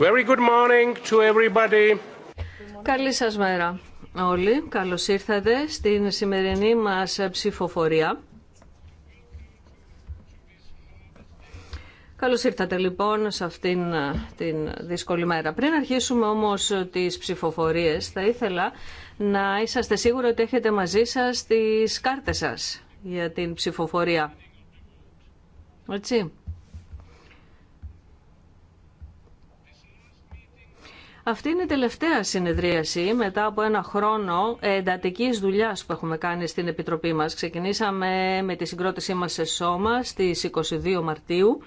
Very Καλή σας μέρα όλοι. Καλώς ήρθατε στην σημερινή μας ψηφοφορία. Καλώς ήρθατε λοιπόν σε αυτήν την δύσκολη μέρα. Πριν αρχίσουμε όμως τις ψηφοφορίες, θα ήθελα να είσαστε σίγουροι ότι έχετε μαζί σας τις κάρτες σας για την ψηφοφορία. Έτσι. Αυτή είναι η τελευταία συνεδρίαση μετά από ένα χρόνο εντατική δουλειά που έχουμε κάνει στην Επιτροπή μα. Ξεκινήσαμε με τη συγκρότησή μα σε σώμα στι 22 Μαρτίου,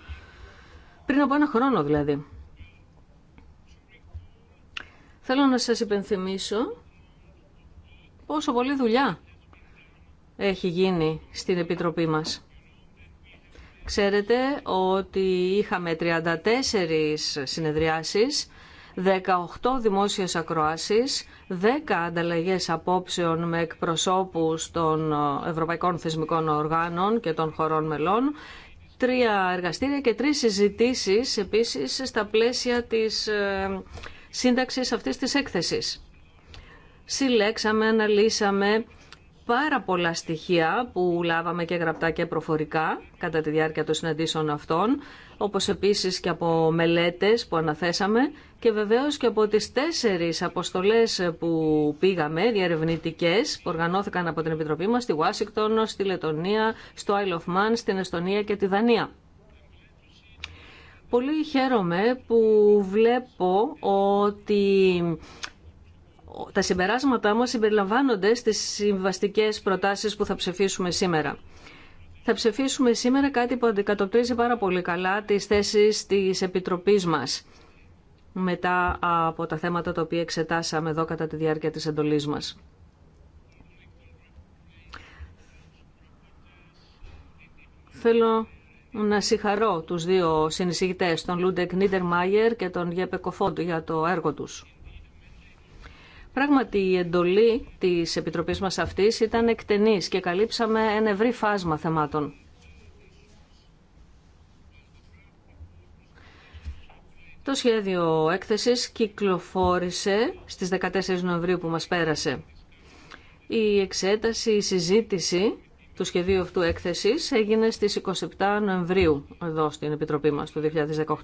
πριν από ένα χρόνο δηλαδή. Θέλω να σας υπενθυμίσω πόσο πολλή δουλειά έχει γίνει στην Επιτροπή μας. Ξέρετε ότι είχαμε 34 συνεδριάσεις 18 δημόσιες ακροάσεις, 10 ανταλλαγές απόψεων με εκπροσώπους των ε, Ευρωπαϊκών Θεσμικών Οργάνων και των χωρών μελών, τρία εργαστήρια και τρεις συζητήσεις επίσης στα πλαίσια της ε, σύνταξης αυτής της έκθεσης. Συλλέξαμε, αναλύσαμε πάρα πολλά στοιχεία που λάβαμε και γραπτά και προφορικά κατά τη διάρκεια των συναντήσεων αυτών, όπως επίσης και από μελέτες που αναθέσαμε και βεβαίως και από τις τέσσερις αποστολές που πήγαμε, διαρευνητικές, που οργανώθηκαν από την Επιτροπή μας στη Ουάσιγκτον, στη Λετωνία, στο Isle of Man, στην Εστονία και τη Δανία. Πολύ χαίρομαι που βλέπω ότι τα συμπεράσματά μας συμπεριλαμβάνονται στις συμβαστικές προτάσεις που θα ψηφίσουμε σήμερα. Θα ψηφίσουμε σήμερα κάτι που αντικατοπτρίζει πάρα πολύ καλά τις θέσεις της Επιτροπής μας μετά από τα θέματα τα οποία εξετάσαμε εδώ κατά τη διάρκεια της εντολής μας. Θέλω να συγχαρώ τους δύο συνεισηγητές, τον Λούντεκ Μάιερ και τον Γεπε Κοφόντ για το έργο τους. Πράγματι η εντολή της Επιτροπής μας αυτή ήταν εκτενή και καλύψαμε ένα ευρύ φάσμα θεμάτων. Το σχέδιο έκθεσης κυκλοφόρησε στις 14 Νοεμβρίου που μας πέρασε. Η εξέταση, η συζήτηση του σχεδίου αυτού έκθεσης έγινε στις 27 Νοεμβρίου εδώ στην Επιτροπή μας του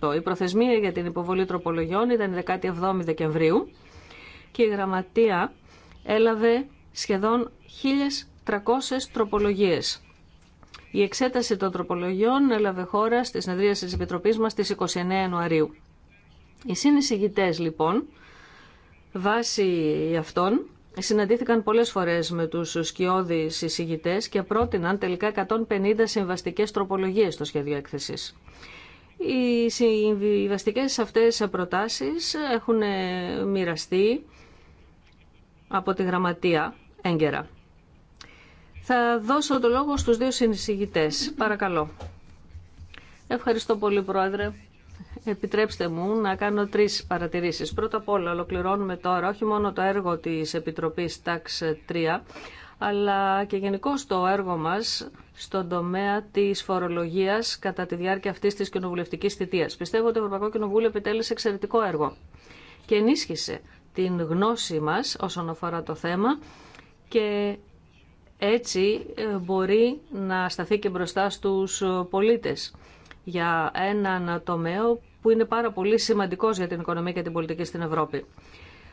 2018. Η προθεσμία για την υποβολή τροπολογιών ήταν 17 Δεκεμβρίου και η γραμματεία έλαβε σχεδόν 1.300 τροπολογίες. Η εξέταση των τροπολογιών έλαβε χώρα στη συνεδρία της Επιτροπής μας στις 29 Ιανουαρίου. Οι συνεισηγητές λοιπόν, βάσει αυτών, συναντήθηκαν πολλές φορές με τους σκιώδεις εισηγητές και πρότειναν τελικά 150 συμβαστικές τροπολογίες στο σχέδιο έκθεσης. Οι συμβαστικές αυτές προτάσεις έχουν μοιραστεί από τη Γραμματεία έγκαιρα. Θα δώσω το λόγο στους δύο συνεισηγητές. Παρακαλώ. Ευχαριστώ πολύ, Πρόεδρε. Επιτρέψτε μου να κάνω τρεις παρατηρήσεις. Πρώτα απ' όλα, ολοκληρώνουμε τώρα όχι μόνο το έργο της Επιτροπής Ταξ 3, αλλά και γενικώ το έργο μας στον τομέα της φορολογίας κατά τη διάρκεια αυτής της κοινοβουλευτικής θητείας. Πιστεύω ότι το Ευρωπαϊκό Κοινοβούλιο επιτέλεσε εξαιρετικό έργο και ενίσχυσε την γνώση μας όσον αφορά το θέμα και έτσι ε, μπορεί να σταθεί και μπροστά στους ε, πολίτες για έναν τομέα που είναι πάρα πολύ σημαντικός για την οικονομία και την πολιτική στην Ευρώπη.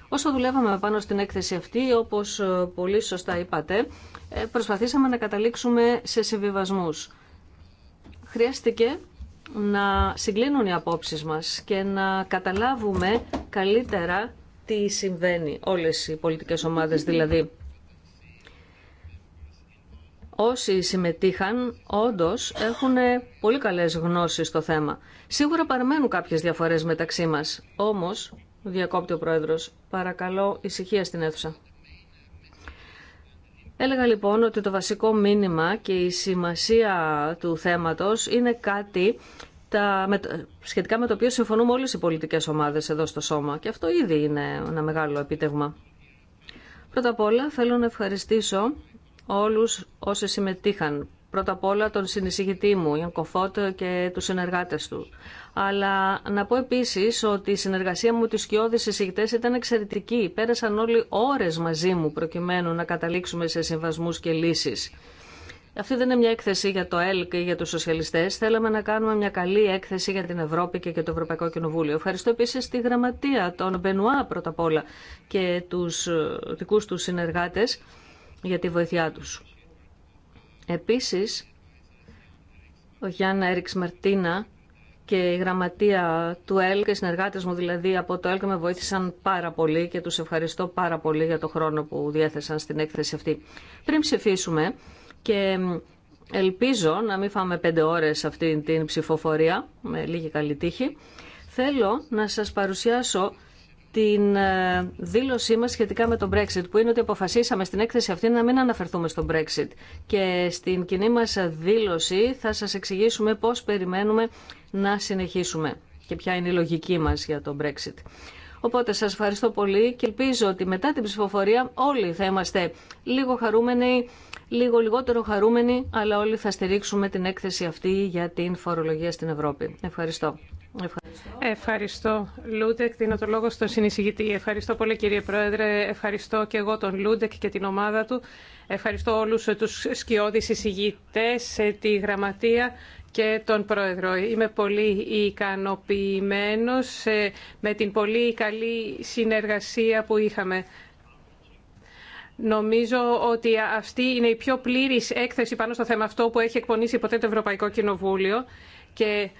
Όσο δουλεύαμε πάνω στην έκθεση αυτή, όπως ε, πολύ σωστά είπατε, προσπαθήσαμε να καταλήξουμε σε συμβιβασμούς. Χρειάστηκε να συγκλίνουν οι απόψεις μας και να καταλάβουμε καλύτερα τι συμβαίνει, όλες οι πολιτικές ομάδες δηλαδή. Όσοι συμμετείχαν, όντως έχουν πολύ καλές γνώσεις στο θέμα. Σίγουρα παραμένουν κάποιες διαφορές μεταξύ μας, όμως, διακόπτει ο Πρόεδρος, παρακαλώ ησυχία στην αίθουσα. Έλεγα λοιπόν ότι το βασικό μήνυμα και η σημασία του θέματος είναι κάτι τα, με, σχετικά με το οποίο συμφωνούμε όλες οι πολιτικές ομάδες εδώ στο Σώμα και αυτό ήδη είναι ένα μεγάλο επίτευγμα. Πρώτα απ' όλα θέλω να ευχαριστήσω όλους όσοι συμμετείχαν. Πρώτα απ' όλα τον συνεισηγητή μου, Ιαν Κοφότ και τους συνεργάτες του. Αλλά να πω επίσης ότι η συνεργασία μου με τους σκιώδεις ήταν εξαιρετική. Πέρασαν όλοι ώρες μαζί μου προκειμένου να καταλήξουμε σε συμβασμούς και λύσεις. Αυτή δεν είναι μια έκθεση για το ΕΛΚ ή για του σοσιαλιστέ. Θέλαμε να κάνουμε μια καλή έκθεση για την Ευρώπη και για το Ευρωπαϊκό Κοινοβούλιο. Ευχαριστώ επίση τη γραμματεία, των Μπενουά πρώτα απ' όλα και του ε, δικού του συνεργάτε για τη βοήθειά του. Επίση, ο Γιάννα Έριξ Μαρτίνα και η γραμματεία του ΕΛΚ, οι συνεργάτε μου δηλαδή από το ΕΛΚ, με βοήθησαν πάρα πολύ και του ευχαριστώ πάρα πολύ για το χρόνο που διέθεσαν στην έκθεση αυτή. Πριν ψηφίσουμε, και ελπίζω να μην φάμε πέντε ώρες αυτή την ψηφοφορία, με λίγη καλή τύχη. Θέλω να σας παρουσιάσω την ε, δήλωσή μας σχετικά με τον Brexit, που είναι ότι αποφασίσαμε στην έκθεση αυτή να μην αναφερθούμε στο Brexit. Και στην κοινή μας δήλωση θα σας εξηγήσουμε πώς περιμένουμε να συνεχίσουμε και ποια είναι η λογική μας για το Brexit. Οπότε σας ευχαριστώ πολύ και ελπίζω ότι μετά την ψηφοφορία όλοι θα είμαστε λίγο χαρούμενοι, λίγο λιγότερο χαρούμενοι, αλλά όλοι θα στηρίξουμε την έκθεση αυτή για την φορολογία στην Ευρώπη. Ευχαριστώ. Ευχαριστώ. Ευχαριστώ. Λούντεκ, δίνω το λόγο στον συνεισηγητή. Ευχαριστώ πολύ κύριε Πρόεδρε. Ευχαριστώ και εγώ τον Λούντεκ και την ομάδα του. Ευχαριστώ όλους τους σκιώδεις συζητητές, τη γραμματεία και τον Πρόεδρο. Είμαι πολύ ικανοποιημένος ε, με την πολύ καλή συνεργασία που είχαμε. Νομίζω ότι αυτή είναι η πιο πλήρης έκθεση πάνω στο θέμα αυτό που έχει εκπονήσει ποτέ το Ευρωπαϊκό Κοινοβούλιο και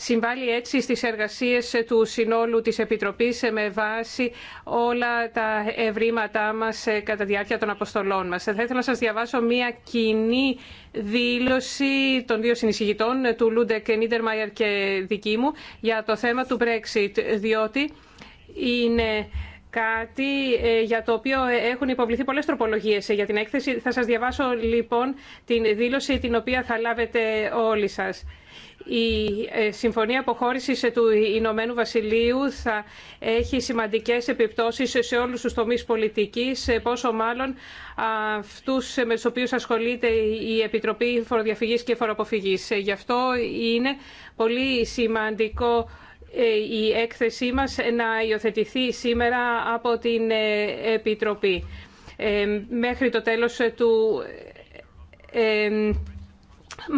Συμβάλλει έτσι στις εργασίες του συνόλου της Επιτροπής με βάση όλα τα ευρήματά μας ε, κατά τη διάρκεια των αποστολών μας. Θα ήθελα να σας διαβάσω μία κοινή δήλωση των δύο συνεισηγητών, ε, του Λούντεκ Νίτερμαϊερ και δική μου, για το θέμα του Brexit, διότι είναι κάτι ε, για το οποίο έχουν υποβληθεί πολλές τροπολογίες για την έκθεση. Θα σας διαβάσω λοιπόν την δήλωση την οποία θα λάβετε όλοι σας. Η ε, συμφωνία αποχώρησης του Ηνωμένου Βασιλείου θα έχει σημαντικές επιπτώσεις σε όλους τους τομείς πολιτικής, ε, πόσο μάλλον αυτού με του οποίου ασχολείται η Επιτροπή Φοροδιαφυγής και Φοροαποφυγή. Ε, γι' αυτό είναι πολύ σημαντικό η έκθεσή μας να υιοθετηθεί σήμερα από την Επιτροπή. Μέχρι το τέλος του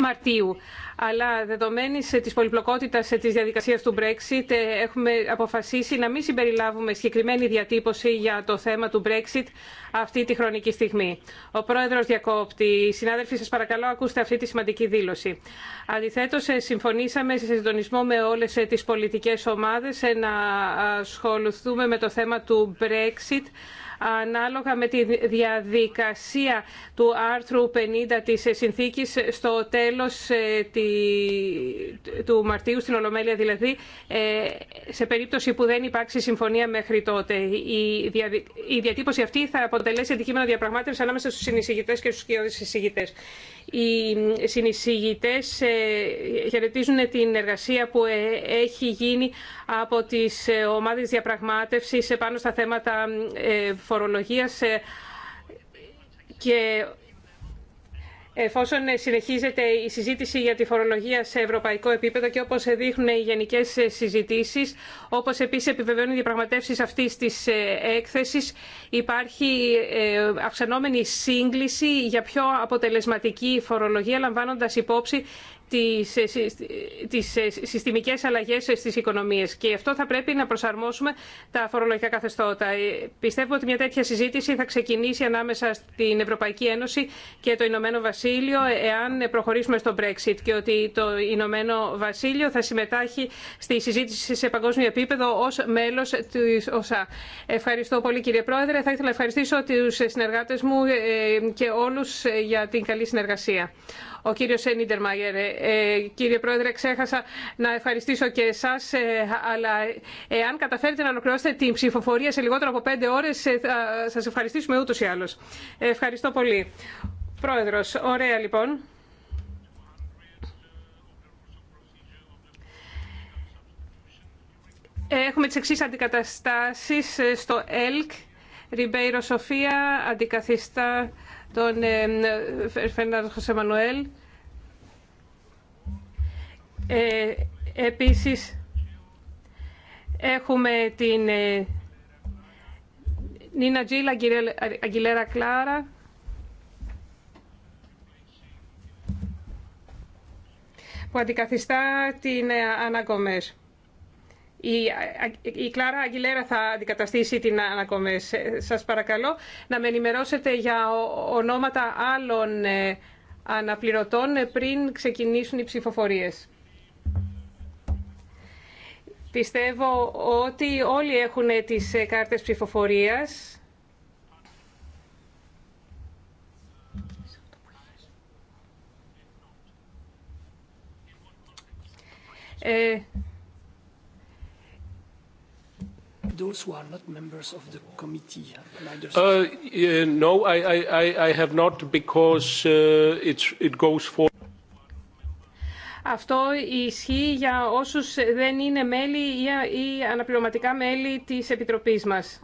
Μαρτίου αλλά δεδομένης της πολυπλοκότητας της διαδικασίας του Brexit ε, έχουμε αποφασίσει να μην συμπεριλάβουμε συγκεκριμένη διατύπωση για το θέμα του Brexit αυτή τη χρονική στιγμή. Ο πρόεδρος διακόπτη. Συνάδελφοι, σας παρακαλώ ακούστε αυτή τη σημαντική δήλωση. Αντιθέτως, ε, συμφωνήσαμε σε συντονισμό με όλες ε, τις πολιτικές ομάδες να ασχοληθούμε με το θέμα του Brexit ανάλογα με τη διαδικασία του άρθρου 50 της συνθήκης στο τέλος ε, του Μαρτίου, στην Ολομέλεια δηλαδή, ε, σε περίπτωση που δεν υπάρξει συμφωνία μέχρι τότε. Η διατύπωση αυτή θα αποτελέσει αντικείμενο διαπραγμάτευση ανάμεσα στους συνεισηγητές και στους κοιόδες συνεισηγητές. Οι συνεισηγητές ε, χαιρετίζουν την εργασία που έχει γίνει από τις ομάδες διαπραγμάτευσης πάνω στα θέματα φορολογίας και Εφόσον συνεχίζεται η συζήτηση για τη φορολογία σε ευρωπαϊκό επίπεδο και όπως δείχνουν οι γενικές συζητήσεις, όπως επίσης επιβεβαιώνουν οι διαπραγματεύσεις αυτής της ε, έκθεσης, υπάρχει ε, αυξανόμενη σύγκληση για πιο αποτελεσματική φορολογία, λαμβάνοντας υπόψη τις, ε, τις ε, συστημικές αλλαγές ε, στις οικονομίες και αυτό θα πρέπει να προσαρμόσουμε τα φορολογικά καθεστώτα. Πιστεύω ότι μια τέτοια συζήτηση θα ξεκινήσει ανάμεσα στην Ευρωπαϊκή Ένωση και το Ηνωμένο Βασίλειο εάν προχωρήσουμε στο Brexit και ότι το Ηνωμένο Βασίλειο θα συμμετάχει στη συζήτηση σε παγκόσμιο επίπεδο ως μέλος της ΩΣΑ. Ευχαριστώ πολύ κύριε Πρόεδρε. Θα ήθελα να ευχαριστήσω τους συνεργάτες μου και όλους για την καλή συνεργασία. Ο κύριος ε, ε, κύριε Πρόεδρε, ξέχασα να ευχαριστήσω και εσάς, ε, αλλά εάν καταφέρετε να ολοκληρώσετε την ψηφοφορία σε λιγότερο από πέντε ώρες, ε, θα σας ευχαριστήσουμε ούτως ή άλλως. Ευχαριστώ πολύ. Πρόεδρος, ωραία λοιπόν. Έχουμε τις εξής αντικαταστάσεις στο ΕΛΚ. Ριμπέιρο Σοφία αντικαθιστά τον Φερνάνδο Μανουέλ. Ε, επίσης, έχουμε την ε, Νίνα Τζίλ, Αγγιλέρα Κλάρα. που αντικαθιστά την Ανακομές. Ε, η Κλάρα Αγγιλέρα θα αντικαταστήσει την Ανακομέ. Ε, σας παρακαλώ να με ενημερώσετε για ονόματα άλλων ε, αναπληρωτών ε, πριν ξεκινήσουν οι ψηφοφορίες. Πιστεύω ότι όλοι έχουν τις κάρτες ψηφοφορίας. Αυτό ισχύει για όσους δεν είναι μέλη ή αναπληρωματικά μέλη της Επιτροπής μας.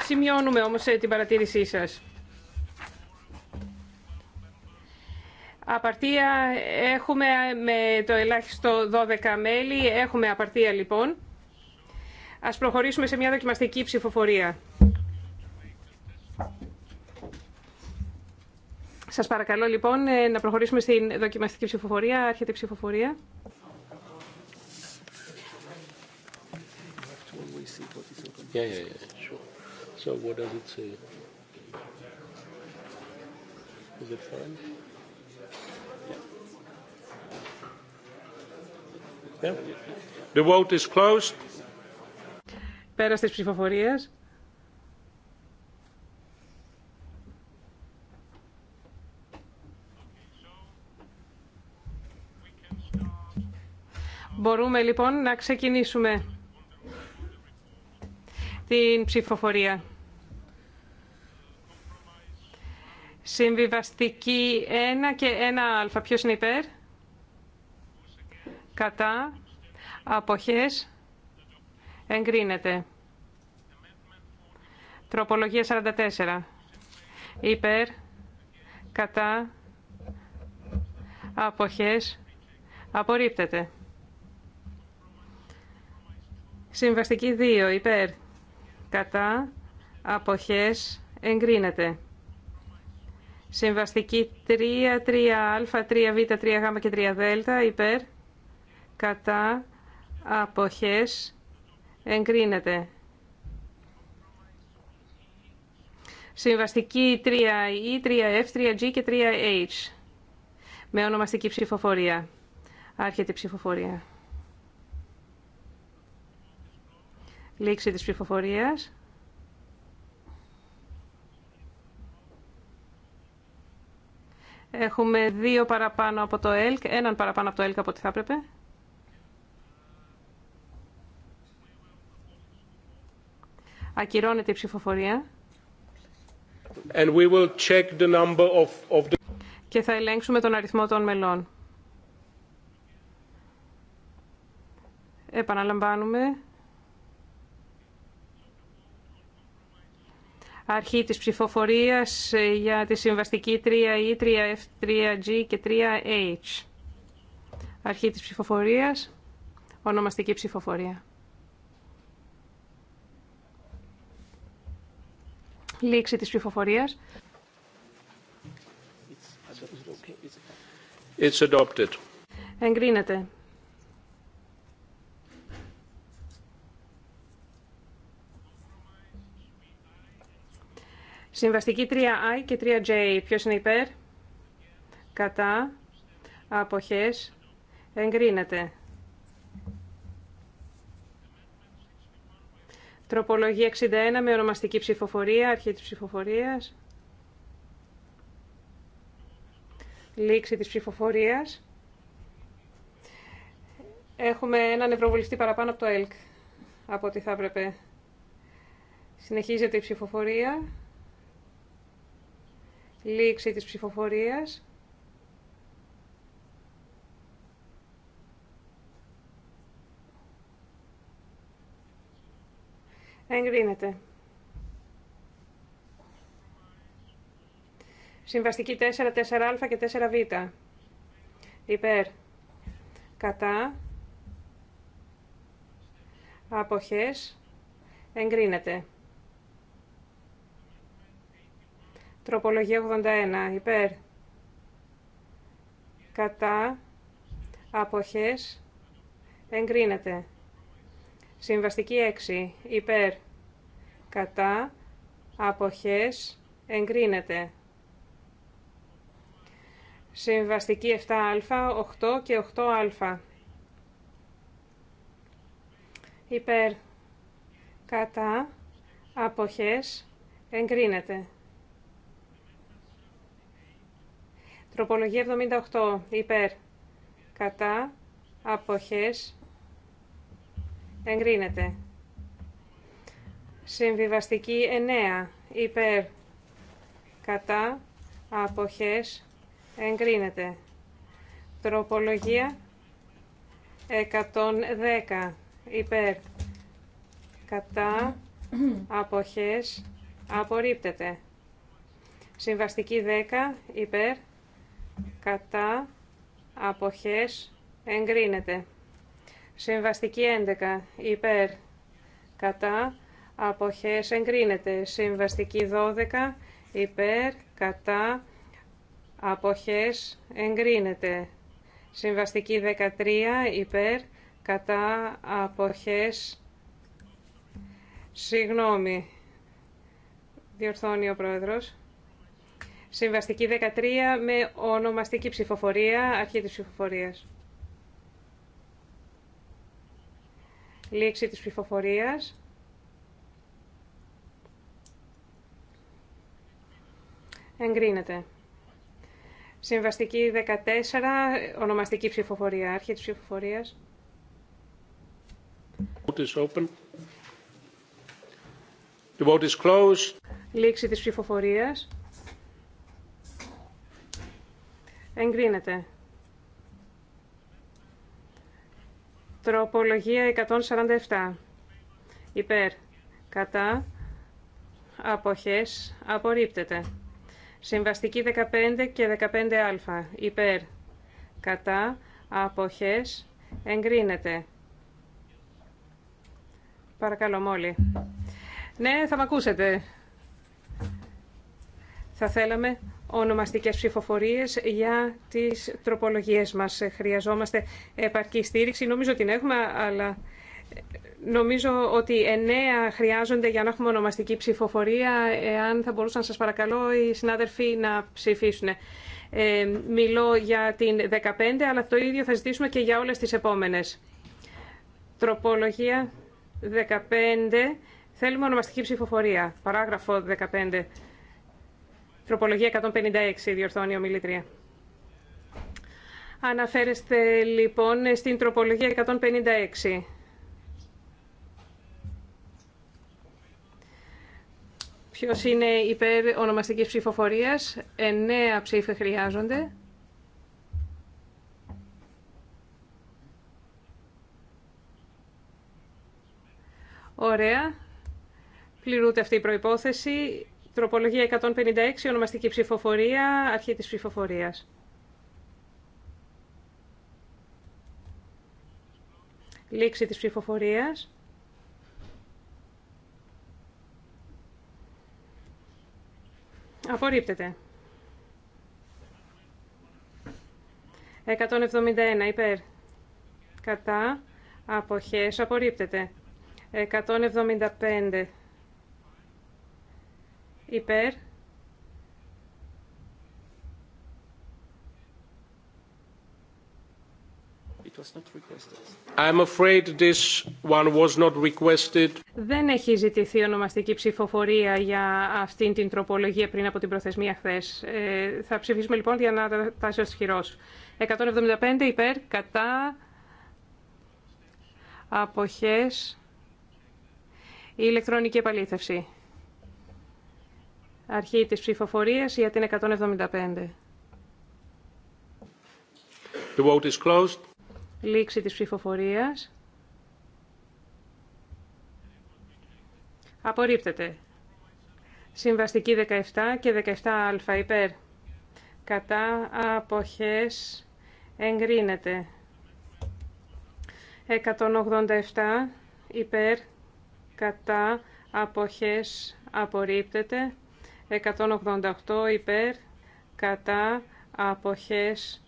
Σημειώνουμε όμως ε, την παρατήρησή σας. Απαρτία έχουμε ε, με το ελάχιστο 12 μέλη. Έχουμε απαρτία λοιπόν. Ας προχωρήσουμε σε μια δοκιμαστική ψηφοφορία. Σας παρακαλώ λοιπόν ε, να προχωρήσουμε στην δοκιμαστική ψηφοφορία. Άρχεται η ψηφοφορία. Yeah, yeah, yeah, So what does it say? Is it fine? The vote is closed. Πέρα στις ψηφοφορίες. Μπορούμε λοιπόν να ξεκινήσουμε την ψηφοφορία. Συμβιβαστική 1 και 1α. Ποιος είναι υπέρ? κατά, αποχές, εγκρίνεται. Τροπολογία 44. Υπέρ, κατά, αποχές, απορρίπτεται. Συμβαστική 2. Υπέρ, κατά, αποχές, εγκρίνεται. Συμβαστική 3, 3α, 3β, 3γ και 3δ, υπέρ, κατά αποχές εγκρίνεται. Συμβαστική 3E, 3F, 3G και 3H με ονομαστική ψηφοφορία. Άρχεται η ψηφοφορία. Λήξη της ψηφοφορίας. Έχουμε δύο παραπάνω από το ΕΛΚ, έναν παραπάνω από το ΕΛΚ από ό,τι θα έπρεπε. Ακυρώνεται η ψηφοφορία. Και θα ελέγξουμε τον αριθμό των μελών. Επαναλαμβάνουμε. Αρχή της ψηφοφορίας ε, για τη συμβαστική 3E, 3F, 3G και 3H. Αρχή της ψηφοφορίας, ονομαστική ψηφοφορία. λήξη της ψηφοφορίας. It's adopted. Εγκρίνεται. Συμβαστική 3i και 3j. Ποιος είναι υπέρ? Κατά. Αποχές. Εγκρίνεται. Τροπολογία 61 με ονομαστική ψηφοφορία, αρχή της ψηφοφορίας. Λήξη της ψηφοφορίας. Έχουμε έναν ευρωβουλευτή παραπάνω από το ΕΛΚ, από ό,τι θα έπρεπε. Συνεχίζεται η ψηφοφορία. Λήξη της ψηφοφορίας. Εγκρίνεται. Συμβαστική 4, 4α και 4β. Υπέρ. Κατά. Αποχές. Εγκρίνεται. Τροπολογία 81. Υπέρ. Κατά. Αποχές. Εγκρίνεται. Συμβαστική 6. Υπέρ. Κατά. Αποχές. Εγκρίνεται. Συμβαστική 7α, 8 και 8α. Υπέρ. Κατά. Αποχές. Εγκρίνεται. Τροπολογία 78. Υπέρ. Κατά. Αποχές. Εγκρίνεται. Συμβιβαστική 9. Υπέρ. Κατά. Αποχές. Εγκρίνεται. Τροπολογία 110. Υπέρ. Κατά. Αποχές. Απορρίπτεται. Συμβαστική 10. Υπέρ. Κατά. Αποχές. Εγκρίνεται. Συμβαστική 11 υπέρ κατά αποχές εγκρίνεται. Συμβαστική 12 υπέρ κατά αποχές εγκρίνεται. Συμβαστική 13 υπέρ κατά αποχές Συγγνώμη, διορθώνει ο Πρόεδρος. Συμβαστική 13 με ονομαστική ψηφοφορία, αρχή της ψηφοφορίας. Λήξη της ψηφοφορίας. Εγκρίνεται. Συμβαστική 14, ονομαστική ψηφοφορία, αρχή της ψηφοφορίας. is open. The vote is closed. Λήξη της ψηφοφορίας. Εγκρίνεται. Τροπολογία 147. Υπέρ. Κατά. Αποχές. Απορρίπτεται. Συμβαστική 15 και 15α. Υπέρ. Κατά. Αποχές. Εγκρίνεται. Παρακαλώ μόλι. Ναι, θα με ακούσετε. Θα θέλαμε ονομαστικές ψηφοφορίες για τις τροπολογίες μας. Χρειαζόμαστε επαρκή στήριξη. Νομίζω την έχουμε, αλλά νομίζω ότι εννέα χρειάζονται για να έχουμε ονομαστική ψηφοφορία. Εάν θα μπορούσαν, σας παρακαλώ, οι συνάδελφοι να ψηφίσουν. Ε, μιλώ για την 15, αλλά το ίδιο θα ζητήσουμε και για όλες τις επόμενες. Τροπολογία 15. Θέλουμε ονομαστική ψηφοφορία. Παράγραφο 15. Τροπολογία 156, διορθώνει ομιλήτρια. Αναφέρεστε λοιπόν στην τροπολογία 156. Ποιος είναι υπέρ ονομαστικής ψηφοφορίας. Εννέα ψήφοι χρειάζονται. Ωραία. Πληρούνται αυτή η προϋπόθεση. Τροπολογία 156, ονομαστική ψηφοφορία, αρχή της ψηφοφορίας. Λήξη της ψηφοφορίας. Απορρίπτεται. 171 υπέρ. Κατά. Αποχές. Απορρίπτεται. 175 υπέρ I'm afraid this one was not requested. Δεν έχει ζητηθεί ονομαστική ψηφοφορία για αυτήν την τροπολογία πριν από την προθεσμία χθε. Ε, θα ψηφίσουμε λοιπόν για να τα σε 175 υπέρ, κατά, αποχές, η ηλεκτρονική επαλήθευση. Αρχή της ψηφοφορίας για την 175. The vote is closed. Λήξη της ψηφοφορίας. Απορρίπτεται. Συμβαστική 17 και 17α υπέρ. Κατά αποχές εγκρίνεται. 187 υπέρ. Κατά αποχές απορρίπτεται. 188 υπέρ, κατά, αποχές,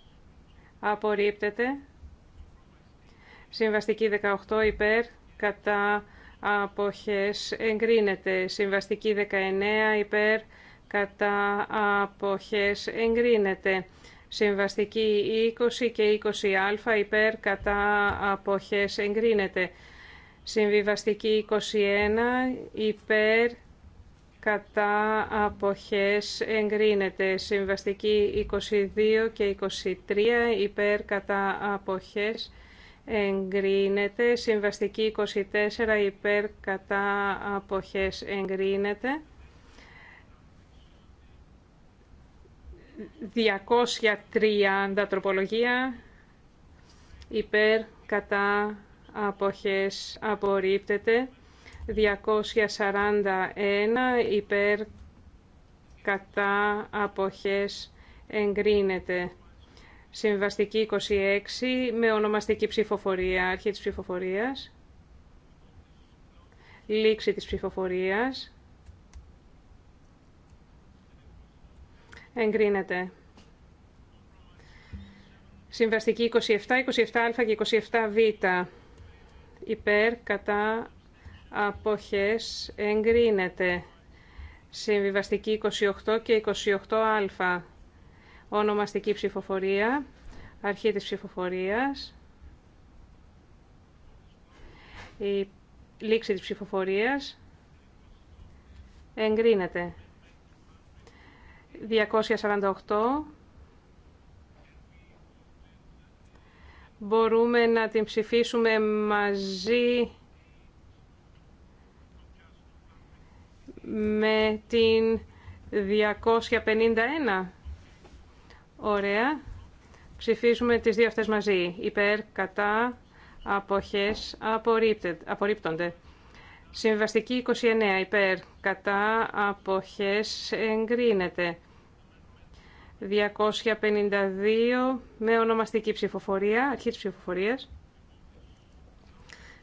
απορρίπτεται. Συμβαστική 18 υπέρ, κατά, αποχές, εγκρίνεται. Συμβαστική 19 υπέρ, κατά, αποχές, εγκρίνεται. Συμβαστική 20 και 20α υπέρ, κατά, αποχές, εγκρίνεται. Συμβιβαστική 21 υπέρ, κατά αποχές εγκρίνεται. Συμβαστική 22 και 23 υπέρ κατά αποχές εγκρίνεται. Συμβαστική 24 υπέρ κατά αποχές εγκρίνεται. 230 τροπολογία υπέρ κατά αποχές απορρίπτεται. 241 υπέρ κατά αποχές εγκρίνεται. Συμβαστική 26 με ονομαστική ψηφοφορία, αρχή της ψηφοφορίας. Λήξη της ψηφοφορίας. Εγκρίνεται. Συμβαστική 27, 27α και 27β. Υπέρ, κατά, αποχές εγκρίνεται. Συμβιβαστική 28 και 28α. Ονομαστική ψηφοφορία. Αρχή της ψηφοφορίας. Η λήξη της ψηφοφορίας. Εγκρίνεται. 248. Μπορούμε να την ψηφίσουμε μαζί με την 251. Ωραία. Ψηφίζουμε τις δύο αυτές μαζί. Υπέρ, κατά, αποχές, απορρίπτονται. Συμβαστική 29. Υπέρ, κατά, αποχές, εγκρίνεται. 252 με ονομαστική ψηφοφορία, αρχή της ψηφοφορίας.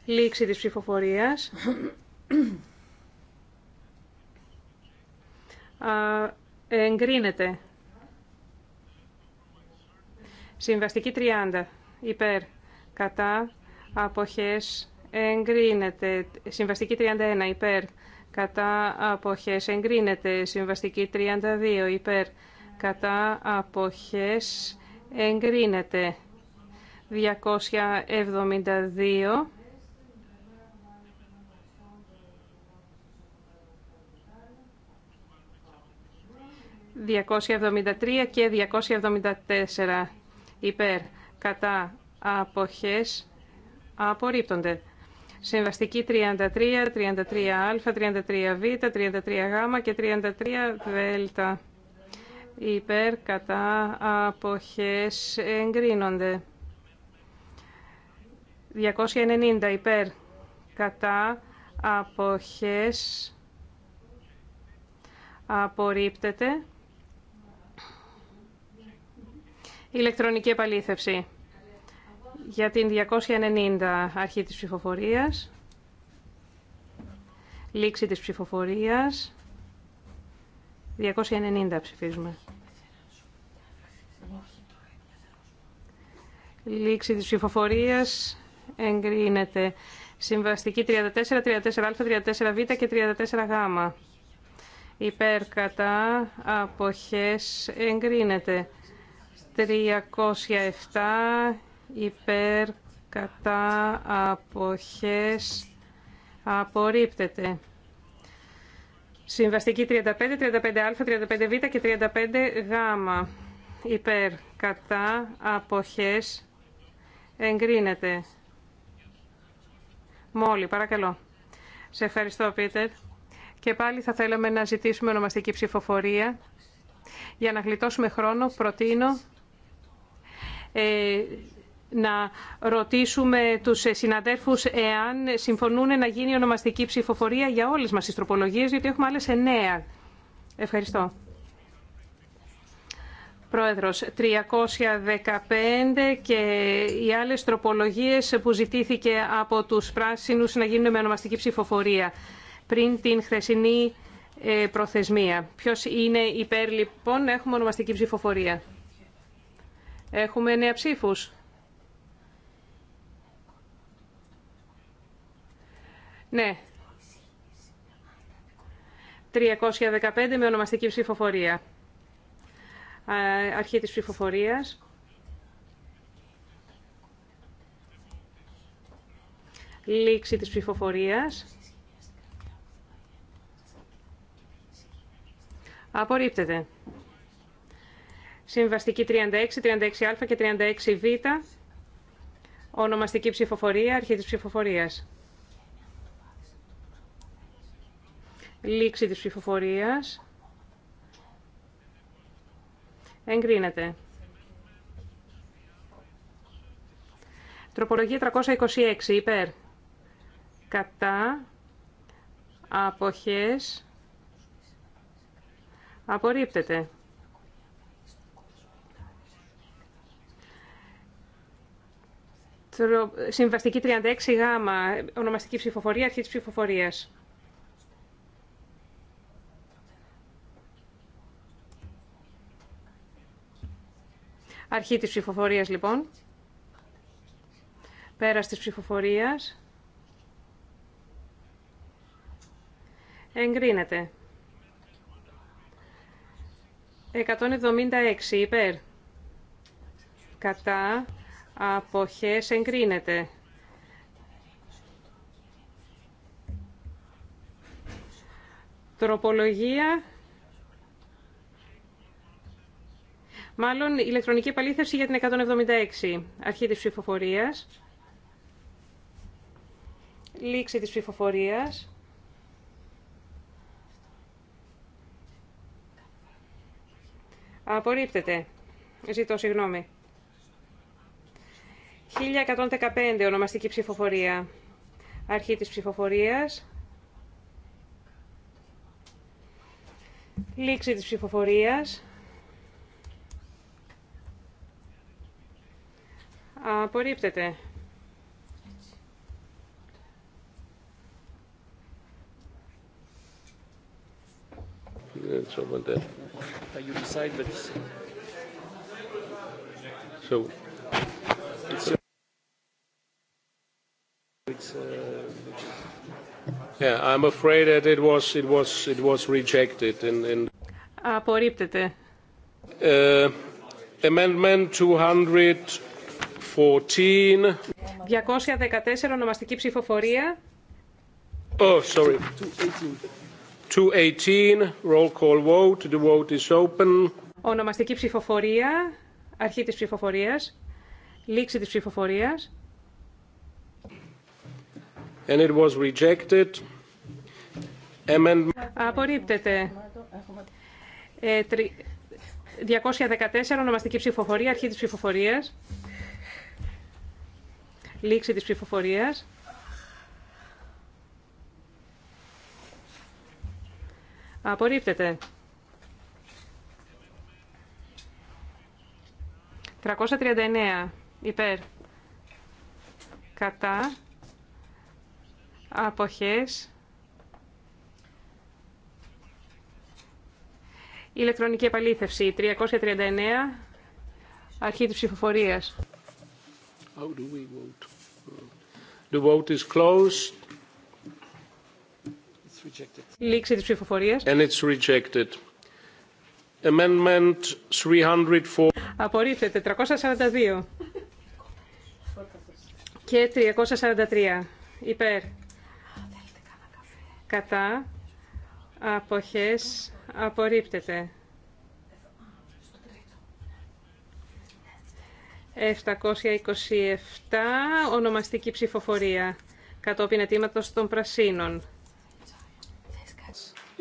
Λήξη της ψηφοφορίας εγκρίνεται. Συμβαστική 30. Υπέρ. Κατά. Αποχές. Εγκρίνεται. Συμβαστική 31. Υπέρ. Κατά. Αποχές. Εγκρίνεται. Συμβαστική 32. Υπέρ. Κατά. Αποχές. Εγκρίνεται. 272. 273 και 274 υπέρ κατά αποχές απορρίπτονται. Συμβαστική 33, 33α, 33β, 33γ και 33δ. Υπέρ κατά αποχές εγκρίνονται. 290 υπέρ κατά αποχές απορρίπτεται. Ηλεκτρονική επαλήθευση. Για την 290 αρχή της ψηφοφορίας. Λήξη της ψηφοφορίας. 290 ψηφίζουμε. Λήξη της ψηφοφορίας εγκρίνεται. Συμβαστική 34, 34α, 34β και 34γ. Υπέρ κατά αποχές εγκρίνεται. 307 υπέρ κατά αποχές απορρίπτεται. Συμβαστική 35, 35α, 35β και 35γ υπέρ κατά αποχές εγκρίνεται. Μόλι, παρακαλώ. Σε ευχαριστώ, Πίτερ. Και πάλι θα θέλαμε να ζητήσουμε ονομαστική ψηφοφορία. Για να γλιτώσουμε χρόνο, προτείνω ε, να ρωτήσουμε τους συναδέρφους εάν συμφωνούν να γίνει ονομαστική ψηφοφορία για όλες μας τις τροπολογίες, διότι έχουμε άλλες εννέα. Ευχαριστώ. Πρόεδρος, 315 και οι άλλες τροπολογίες που ζητήθηκε από τους πράσινους να γίνουν με ονομαστική ψηφοφορία πριν την χθεσινή ε, προθεσμία. Ποιος είναι υπέρ λοιπόν, έχουμε ονομαστική ψηφοφορία. Έχουμε νέα ψήφους. Ναι. 315 με ονομαστική ψηφοφορία. Αρχή της ψηφοφορίας. Λήξη της ψηφοφορίας. Απορρίπτεται. Συμβαστική 36, 36α και 36β. Ονομαστική ψηφοφορία, αρχή της ψηφοφορίας. Λήξη της ψηφοφορίας. Εγκρίνεται. Τροπολογία 326, υπέρ. Κατά. Αποχές. Απορρίπτεται. Συμβαστική 36 γάμα, ονομαστική ψηφοφορία, αρχή της ψηφοφορίας. Αρχή της ψηφοφορίας λοιπόν. Πέρας της ψηφοφορίας. Εγκρίνεται. 176 υπέρ. Κατά αποχές εγκρίνεται. Τροπολογία. Μάλλον ηλεκτρονική επαλήθευση για την 176. Αρχή της ψηφοφορίας. Λήξη της ψηφοφορίας. Απορρίπτεται. Ζητώ συγγνώμη. 1115 ονομαστική ψηφοφορία. Αρχή της ψηφοφορίας. Λήξη της ψηφοφορίας. Απορρίπτεται. So Uh, yeah, I'm afraid that it was rejected Απορρίπτεται. Uh, amendment 214. 214 ονομαστική ψηφοφορία. Oh, sorry. 218 roll call vote. The vote is open. Ονομαστική ψηφοφορία. Αρχή της ψηφοφορίας. Λήξη της ψηφοφορίας. And it was rejected. Απορρίπτεται. 214 ε, ονομαστική ψηφοφορία, αρχή της ψηφοφορίας. Λήξη της ψηφοφορίας. Απορρίπτεται. 339 υπέρ. Κατά αποχές. Ηλεκτρονική επαλήθευση 339, αρχή της ψηφοφορίας. How do we vote? The vote is closed. It's rejected. Λήξη της ψηφοφορίας. And it's rejected. Amendment 304. Απορρίφεται 342 και 343. Υπέρ κατά αποχές απορρίπτεται. 727 ονομαστική ψηφοφορία κατόπιν αιτήματος των πρασίνων.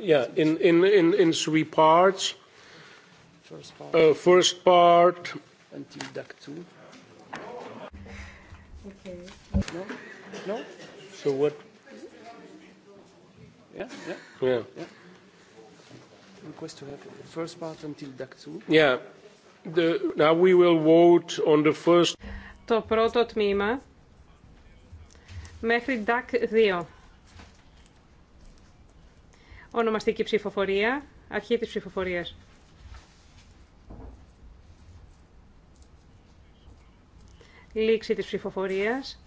Yeah, in, in, in, in three parts. First part. Uh, first part. Until two. Okay. No? No? So what? Yeah, yeah. Yeah. Request to have the first part until DAC 2. Yeah. The, now we will vote on the first. Το πρώτο τμήμα μέχρι DAC 2. Ονομαστική ψηφοφορία, αρχή της ψηφοφορίας. Λήξη της ψηφοφορίας.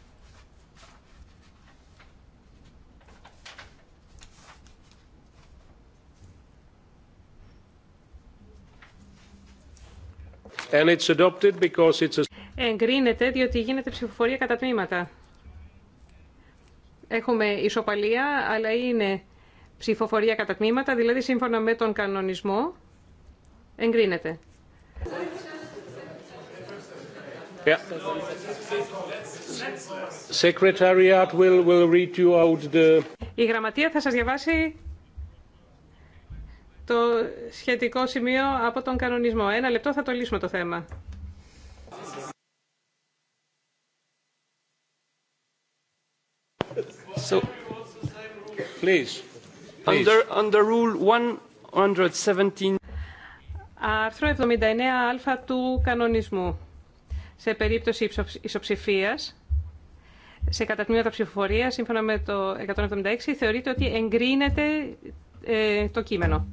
Εγκρίνεται διότι γίνεται ψηφοφορία κατά τμήματα. Έχουμε ισοπαλία, αλλά είναι ψηφοφορία κατά τμήματα, δηλαδή σύμφωνα με τον κανονισμό εγκρίνεται. Η γραμματεία θα σας διαβάσει το σχετικό σημείο από τον κανονισμό. Ένα λεπτό θα το λύσουμε το θέμα. please, Under, under rule 117... Άρθρο 79α του κανονισμού. Σε περίπτωση ισοψηφίας, σε κατατμήματα ψηφοφορία, σύμφωνα με το 176, θεωρείται ότι εγκρίνεται ε, το κείμενο.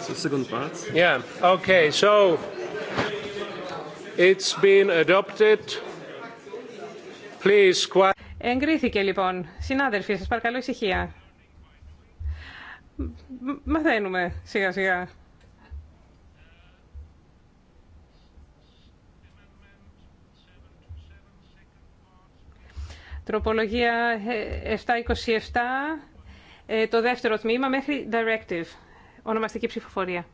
so second part. Yeah. Okay. So it's been adopted. Please quiet. Εγκρίθηκε λοιπόν. Συνάδελφοι, σας παρακαλώ ησυχία. Μαθαίνουμε σιγά σιγά. Τροπολογία 727, ε, ε, το δεύτερο τμήμα μέχρι directive, ονομαστική ψηφοφορία.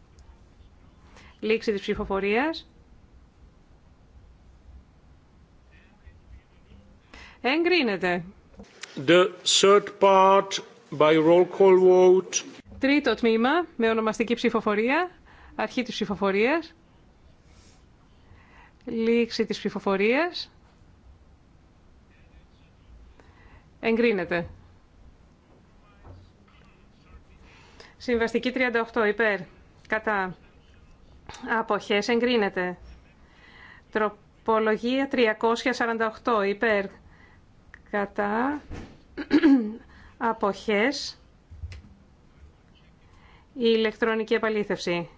Λήξη της ψηφοφορίας. Εγκρίνεται. The third part by roll call vote. Τρίτο τμήμα με ονομαστική ψηφοφορία, αρχή της ψηφοφορίας. Λήξη της ψηφοφορίας. Εγκρίνεται. Συμβαστική 38 υπέρ. Κατά. Αποχές εγκρίνεται. Τροπολογία 348 υπέρ. Κατά. Αποχές. Η ηλεκτρονική επαλήθευση. Η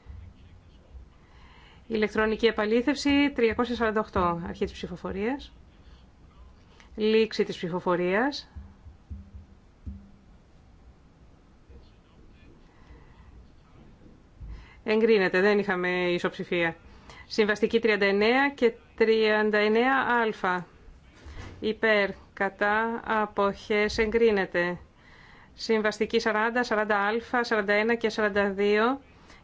ηλεκτρονική επαλήθευση 348. Αρχή της ψηφοφορίας. Λήξη της ψηφοφορίας. Εγκρίνεται, δεν είχαμε ισοψηφία. Συμβαστική 39 και 39α. Υπέρ, κατά, αποχές, εγκρίνεται. Συμβαστική 40, 40α, 41 και 42.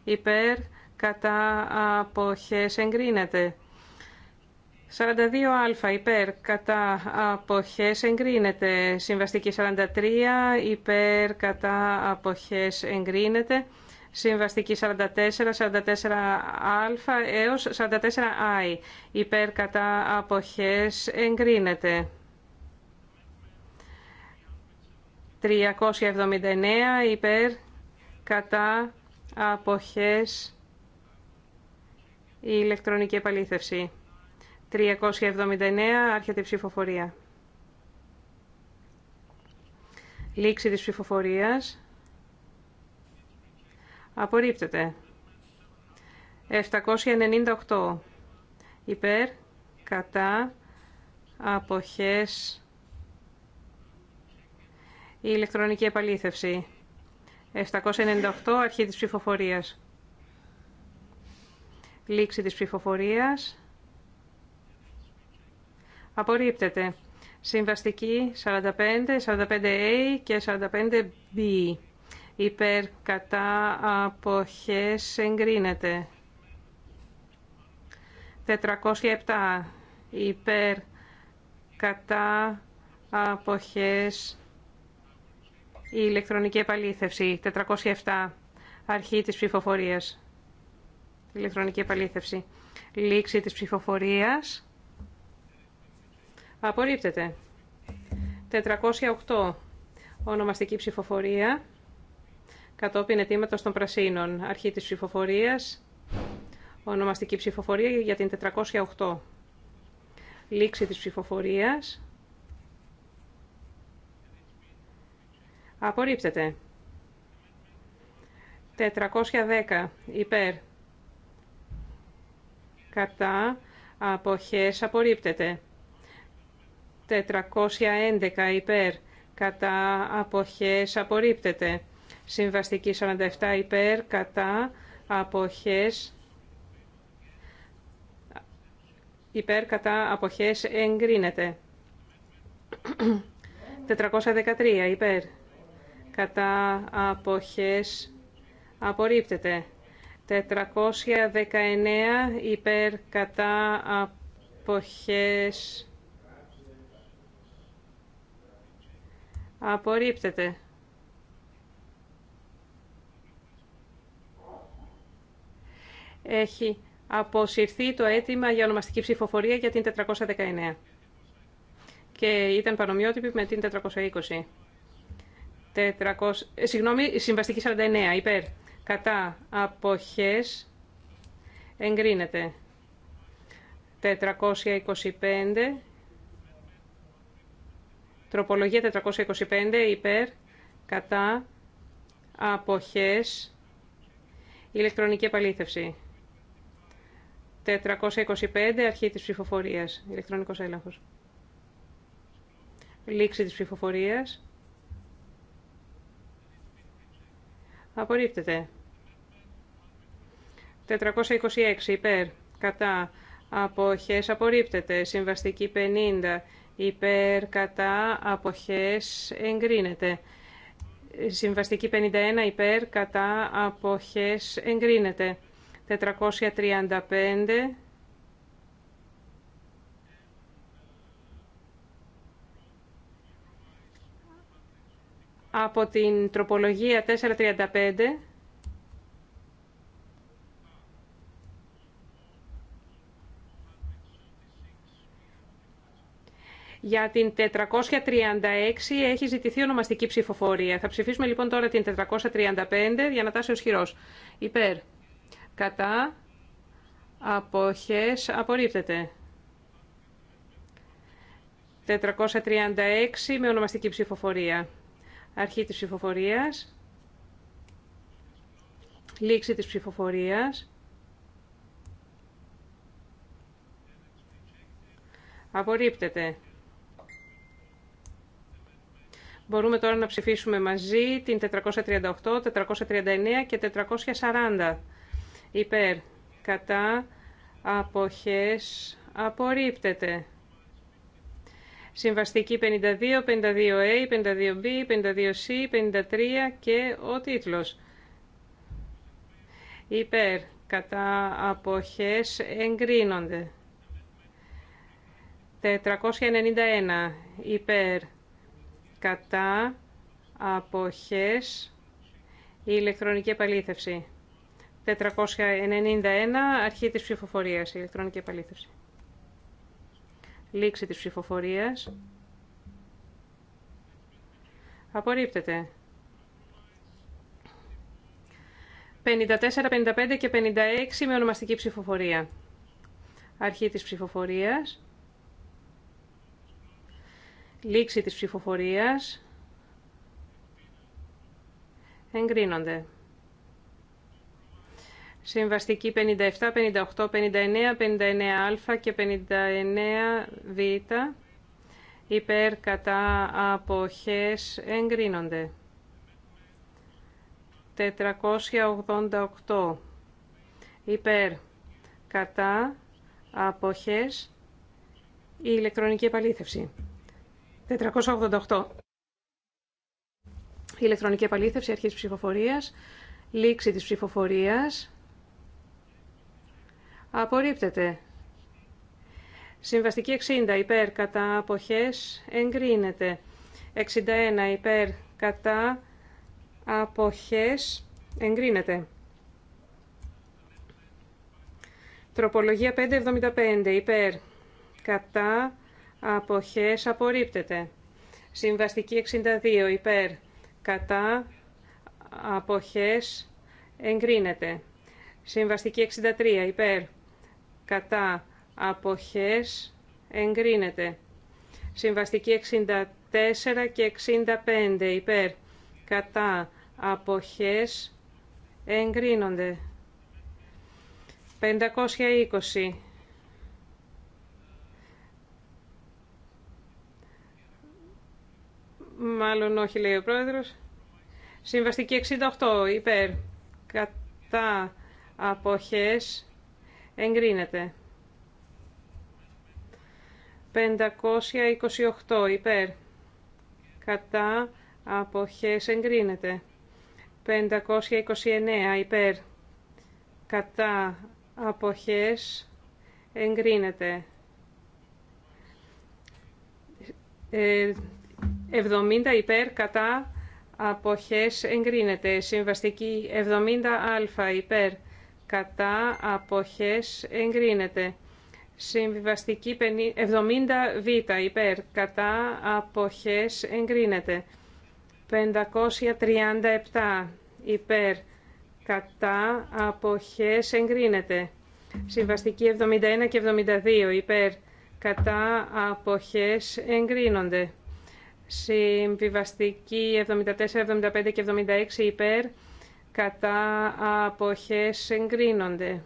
Υπέρ, κατά, αποχές, εγκρίνεται. 42α υπέρ κατά αποχές εγκρίνεται. Συμβαστική 43 υπέρ κατά αποχές εγκρίνεται. Συμβαστική 44, 44α έως 44i. Υπέρ κατά αποχές εγκρίνεται. 379 υπέρ κατά αποχές η ηλεκτρονική επαλήθευση. 379 άρχεται η ψηφοφορία. Λήξη της ψηφοφορίας. Απορρίπτεται. 798. Υπέρ, κατά, αποχές, η ηλεκτρονική επαλήθευση. 798, αρχή της ψηφοφορίας. Λήξη της ψηφοφορίας. Απορρίπτεται. Συμβαστική 45, 45A και 45B υπέρ κατά αποχές εγκρίνεται. 407 υπέρ κατά αποχές η ηλεκτρονική επαλήθευση. 407 αρχή της ψηφοφορίας. Ηλεκτρονική επαλήθευση. Λήξη της ψηφοφορίας. Απορρίπτεται. 408 ονομαστική ψηφοφορία κατόπιν αιτήματο των πρασίνων. Αρχή της ψηφοφορία. ονομαστική ψηφοφορία για την 408. Λήξη της ψηφοφορίας. Απορρίπτεται. 410 υπέρ. Κατά αποχές απορρίπτεται. 411 υπέρ. Κατά αποχές απορρίπτεται. Συμβαστική 47 υπέρ, κατά, αποχές, υπέρ, κατά, αποχές, εγκρίνεται. 413 υπέρ, κατά, αποχές, απορρίπτεται. 419 υπέρ, κατά, αποχές, απορρίπτεται. έχει αποσυρθεί το αίτημα για ονομαστική ψηφοφορία για την 419 και ήταν πανομοιότυπη με την 420. 400, ε, συγγνώμη, συμβαστική 49, υπέρ. Κατά αποχές εγκρίνεται. 425, τροπολογία 425, υπέρ. Κατά αποχές ηλεκτρονική επαλήθευση. 425, αρχή της ψηφοφορίας, ηλεκτρονικός έλεγχος. Λήξη της ψηφοφορίας. Απορρίπτεται. 426 υπέρ, κατά, αποχές, απορρίπτεται. Συμβαστική 50 υπέρ, κατά, αποχές, εγκρίνεται. Συμβαστική 51 υπέρ, κατά, αποχές, εγκρίνεται. 435 από την τροπολογία 435 Για την 436 έχει ζητηθεί ονομαστική ψηφοφορία. Θα ψηφίσουμε λοιπόν τώρα την 435 για να ο σχηρός Υπέρ κατά αποχές απορρίπτεται. 436 με ονομαστική ψηφοφορία. Αρχή της ψηφοφορίας. Λήξη της ψηφοφορίας. Απορρίπτεται. Μπορούμε τώρα να ψηφίσουμε μαζί την 438, 439 και 440 υπέρ κατά αποχές απορρίπτεται. Συμβαστική 52, 52A, 52B, 52C, 53 και ο τίτλος. Υπέρ κατά αποχές εγκρίνονται. 491 υπέρ κατά αποχές η ηλεκτρονική επαλήθευση. 491, αρχή της ψηφοφορίας, ηλεκτρονική επαλήθευση. Λήξη της ψηφοφορίας. Απορρίπτεται. 54, 55 και 56 με ονομαστική ψηφοφορία. Αρχή της ψηφοφορίας. Λήξη της ψηφοφορίας. Εγκρίνονται. Συμβαστική 57, 58, 59, 59α και 59β υπέρ κατά αποχές εγκρίνονται. 488 υπέρ κατά αποχές η ηλεκτρονική επαλήθευση. 488 η ηλεκτρονική επαλήθευση αρχής ψηφοφορίας, λήξη της ψηφοφορίας Απορρίπτεται. Συμβαστική 60 υπέρ κατά αποχές εγκρίνεται. 61 υπέρ κατά αποχές εγκρίνεται. Τροπολογία 575 υπέρ κατά αποχές απορρίπτεται. Συμβαστική 62 υπέρ κατά αποχές εγκρίνεται. Συμβαστική 63 υπέρ κατά αποχές εγκρίνεται. Συμβαστική 64 και 65 υπέρ κατά αποχές εγκρίνονται. 520 Μάλλον όχι λέει ο πρόεδρος. Συμβαστική 68 υπέρ κατά αποχές Εγκρίνεται. 528 υπέρ. Κατά αποχές εγκρίνεται. 529 υπέρ. Κατά αποχές εγκρίνεται. 70 ε, υπέρ κατά αποχές εγκρίνεται. Συμβαστική 70α υπέρ κατά αποχές εγκρίνεται. Συμβιβαστική 70β υπέρ κατά αποχές εγκρίνεται. 537 υπέρ κατά αποχές εγκρίνεται. Συμβαστική 71 και 72 υπέρ κατά αποχές εγκρίνονται. Συμβιβαστική 74, 75 και 76 υπέρ κατά αποχές εγκρίνονται.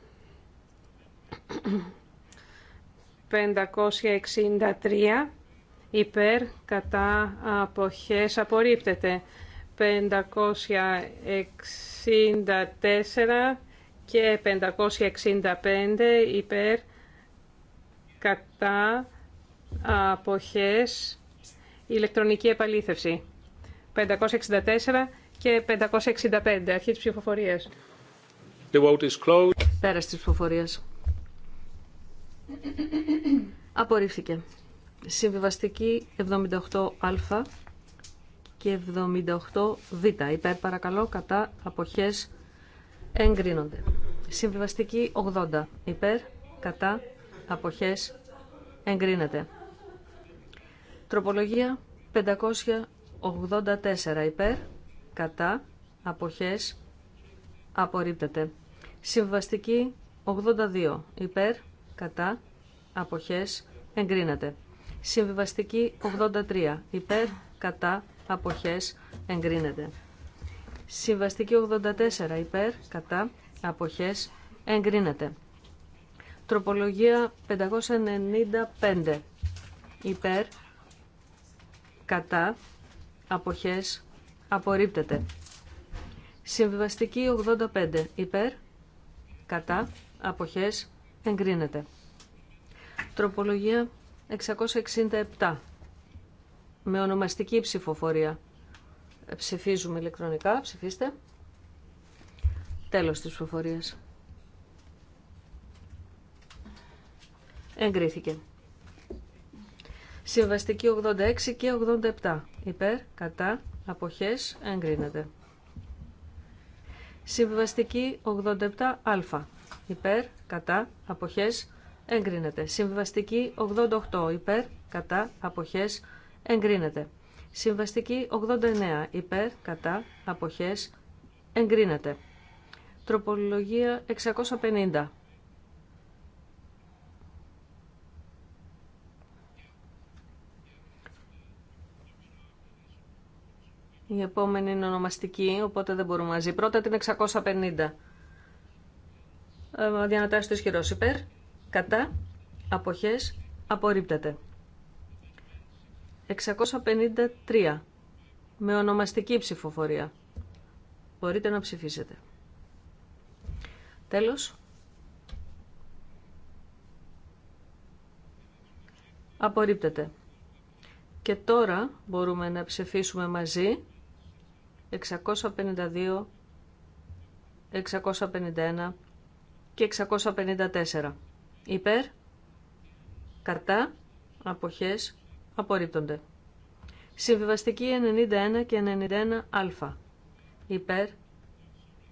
563 υπέρ κατά αποχές απορρίπτεται. 564 και 565 υπέρ κατά αποχές ηλεκτρονική επαλήθευση. 564 και 565. Αρχή της ψηφοφορίας. The vote is closed. Πέρας της ψηφοφορίας. Απορρίφθηκε. Συμβιβαστική 78α και 78β. Υπέρ παρακαλώ κατά αποχές εγκρίνονται. Συμβιβαστική 80. Υπέρ κατά αποχές εγκρίνεται. Τροπολογία 584 υπέρ κατά, αποχές, απορρίπτεται. Συμβαστική 82 υπέρ, κατά, αποχές, εγκρίνεται. Συμβιβαστική 83 υπέρ, κατά, αποχές, εγκρίνεται. Συμβαστική 84 υπέρ, κατά, αποχές, εγκρίνεται. Τροπολογία 595 υπέρ, κατά, αποχές, Απορρίπτεται. Συμβιβαστική 85. Υπέρ. Κατά. Αποχές. Εγκρίνεται. Τροπολογία 667. Με ονομαστική ψηφοφορία. Ψηφίζουμε ηλεκτρονικά. Ψηφίστε. Τέλος της ψηφοφορίας. Εγκρίθηκε. Συμβαστική 86 και 87. Υπέρ. Κατά. Αποχές εγκρίνεται. Συμβιβαστική 87α. Υπέρ, κατά, αποχές εγκρίνεται. Συμβιβαστική 88. Υπέρ, κατά, αποχές εγκρίνεται. Συμβαστική 89. Υπέρ, κατά, αποχές εγκρίνεται. Τροπολογία 650. Η επόμενη είναι ονομαστική, οπότε δεν μπορούμε μαζί. Πρώτα την 650. Ε, το ισχυρό υπέρ, κατά, αποχές, απορρίπτεται. 653. Με ονομαστική ψηφοφορία. Μπορείτε να ψηφίσετε. Τέλος. Απορρίπτεται. Και τώρα μπορούμε να ψηφίσουμε μαζί 652, 651 και 654. Υπέρ, Καρτά. αποχές, απορρίπτονται. Συμβιβαστική 91 και 91α. Υπέρ,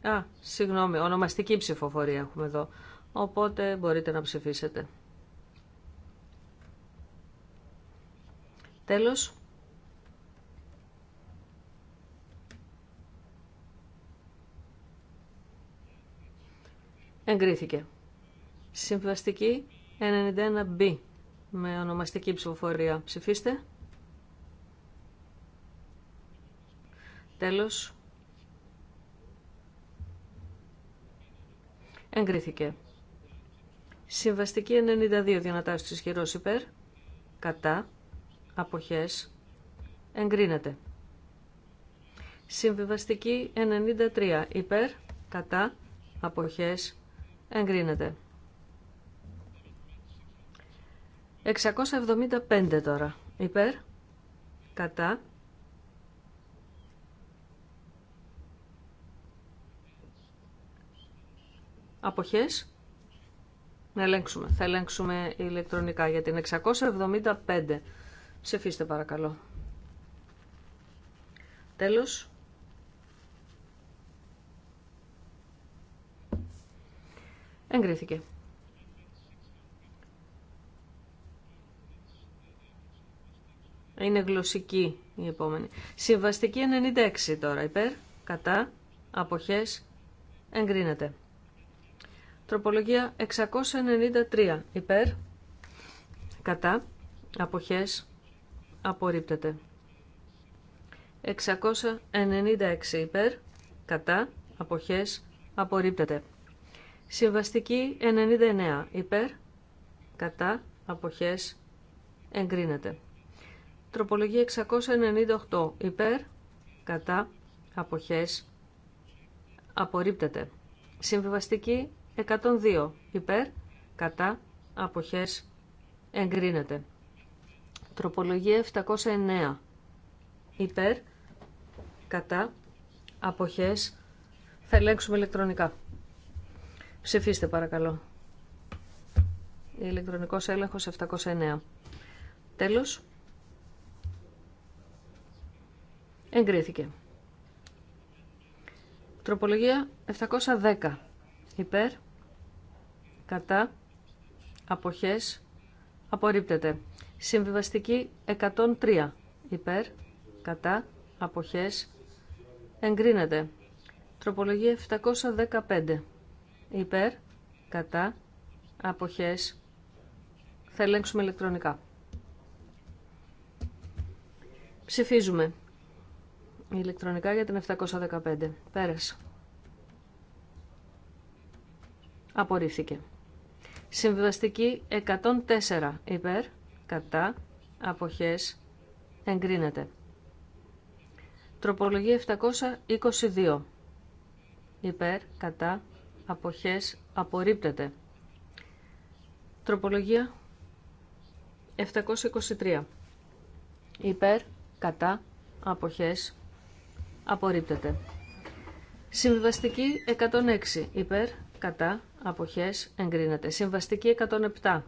α, συγγνώμη, ονομαστική ψηφοφορία έχουμε εδώ, οπότε μπορείτε να ψηφίσετε. Τέλος. Εγκρίθηκε. Συμβαστική 91B με ονομαστική ψηφοφορία. Ψηφίστε. Τέλος. Εγκρίθηκε. Συμβαστική 92 διανατάσεις ισχυρός υπέρ. Κατά. Αποχές. Εγκρίνεται. Συμβιβαστική 93 υπέρ. Κατά. Αποχές. Εγκρίνεται. 675 τώρα. Υπέρ. Κατά. Αποχές. Να ελέγξουμε. Θα ελέγξουμε ηλεκτρονικά για την 675. Ψεφίστε, παρακαλώ. Τέλος. Εγκρίθηκε. Είναι γλωσσική η επόμενη. Συμβαστική 96 τώρα. Υπέρ, κατά, αποχές, εγκρίνεται. Τροπολογία 693. Υπέρ, κατά, αποχές, απορρίπτεται. 696 υπέρ, κατά, αποχές, απορρίπτεται. Συμβαστική 99 υπέρ, κατά, αποχές, εγκρίνεται. Τροπολογία 698 υπέρ, κατά, αποχές, απορρίπτεται. Συμβαστική 102 υπέρ, κατά, αποχές, εγκρίνεται. Τροπολογία 709 υπέρ, κατά, αποχές, θα ελέγξουμε ηλεκτρονικά. Ψηφίστε παρακαλώ. Ηλεκτρονικός έλεγχος 709. Τέλος. Εγκρίθηκε. Τροπολογία 710. Υπέρ. Κατά. Αποχές. Απορρίπτεται. Συμβιβαστική 103. Υπέρ. Κατά. Αποχές. Εγκρίνεται. Τροπολογία 715 υπέρ, κατά, αποχές. Θα ελέγξουμε ηλεκτρονικά. Ψηφίζουμε ηλεκτρονικά για την 715. Πέρασε. Απορρίφθηκε. Συμβιβαστική 104 υπέρ, κατά, αποχές, εγκρίνεται. Τροπολογία 722 υπέρ, κατά, αποχές απορρίπτεται. Τροπολογία 723. Υπέρ, κατά, αποχές απορρίπτεται. Συμβαστική 106. Υπέρ, κατά, αποχές εγκρίνεται. Συμβαστική 107.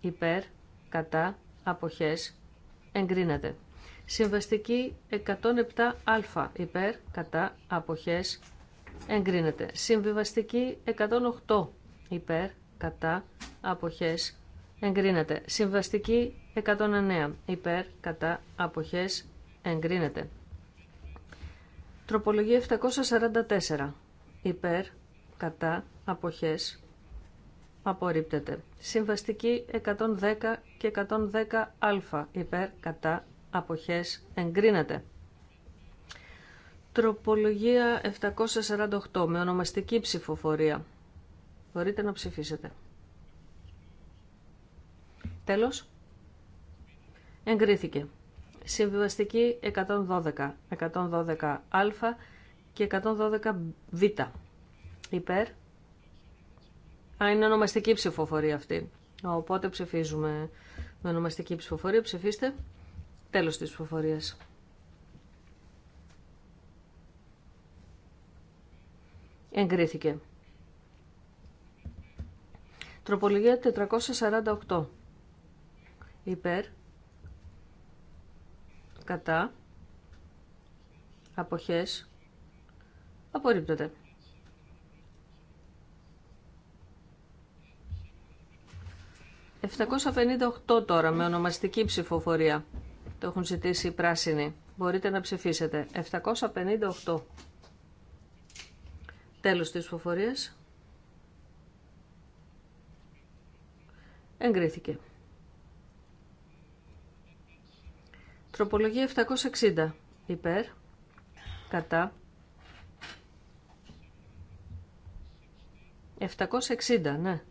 Υπέρ, κατά, αποχές εγκρίνεται. Συμβαστική 107α. Υπέρ, κατά, αποχές εγκρίνεται. Συμβιβαστική 108 υπέρ, κατά, αποχές, εγκρίνεται. Συμβαστική 109 υπέρ, κατά, αποχές, εγκρίνεται. Τροπολογία 744 υπέρ, κατά, αποχές, απορρίπτεται. Συμβαστική 110 και 110α υπέρ, κατά, αποχές, εγκρίνεται. Τροπολογία 748 με ονομαστική ψηφοφορία. Μπορείτε να ψηφίσετε. Τέλος. Εγκρίθηκε. Συμβιβαστική 112, 112α και 112β. Υπέρ. Α, είναι ονομαστική ψηφοφορία αυτή. Οπότε ψηφίζουμε με ονομαστική ψηφοφορία. Ψηφίστε. Τέλος της ψηφοφορίας. Εγκρίθηκε. Τροπολογία 448. Υπέρ. Κατά. Αποχές. Απορρίπτεται. «758 τώρα με ονομαστική ψηφοφορία. Το έχουν ζητήσει οι πράσινοι. Μπορείτε να ψηφίσετε. 758. Τέλος της ψηφοφορίας. Εγκρίθηκε. Τροπολογία 760. Υπέρ. Κατά. 760, ναι.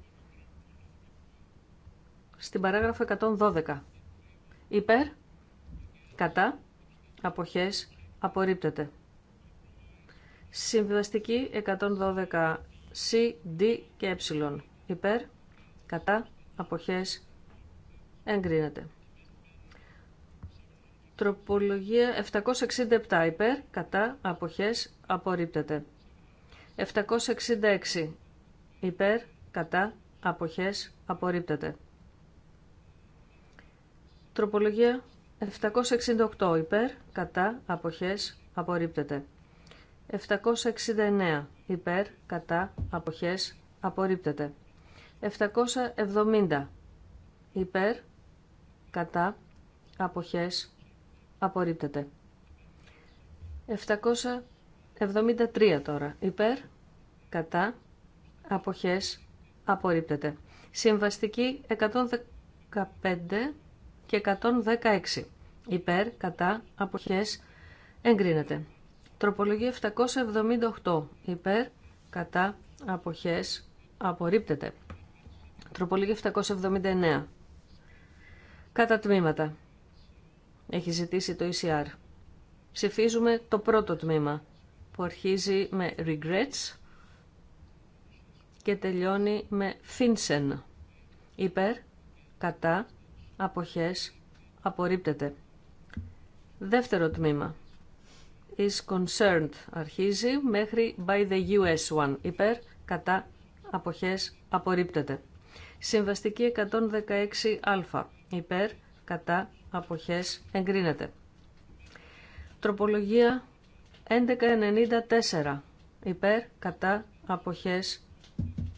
Στην παράγραφο 112. Υπέρ. Κατά. Αποχές. Απορρίπτεται. Συμβιβαστική 112. C, D και ε. Υπέρ, κατά, αποχές, εγκρίνεται. Τροπολογία 767. Υπέρ, κατά, αποχές, απορρίπτεται. 766. Υπέρ, κατά, αποχές, απορρίπτεται. Τροπολογία 768. Υπέρ, κατά, αποχές, απορρίπτεται. 769 υπέρ, κατά, αποχές, απορρίπτεται. 770 υπέρ, κατά, αποχές, απορρίπτεται. 773 τώρα υπέρ, κατά, αποχές, απορρίπτεται. Συμβαστική 115 και 116 υπέρ, κατά, αποχές, εγκρίνεται. Τροπολογία 778 υπέρ, κατά, αποχές, απορρίπτεται. Τροπολογία 779. Κατά τμήματα. Έχει ζητήσει το ECR. Ψηφίζουμε το πρώτο τμήμα που αρχίζει με regrets και τελειώνει με finsen. Υπέρ, κατά, αποχές, απορρίπτεται. Δεύτερο τμήμα is concerned αρχίζει μέχρι by the US one. Υπέρ, κατά, αποχές, απορρίπτεται. Συμβαστική 116α. Υπέρ, κατά, αποχές, εγκρίνεται. Τροπολογία 1194. Υπέρ, κατά, αποχές,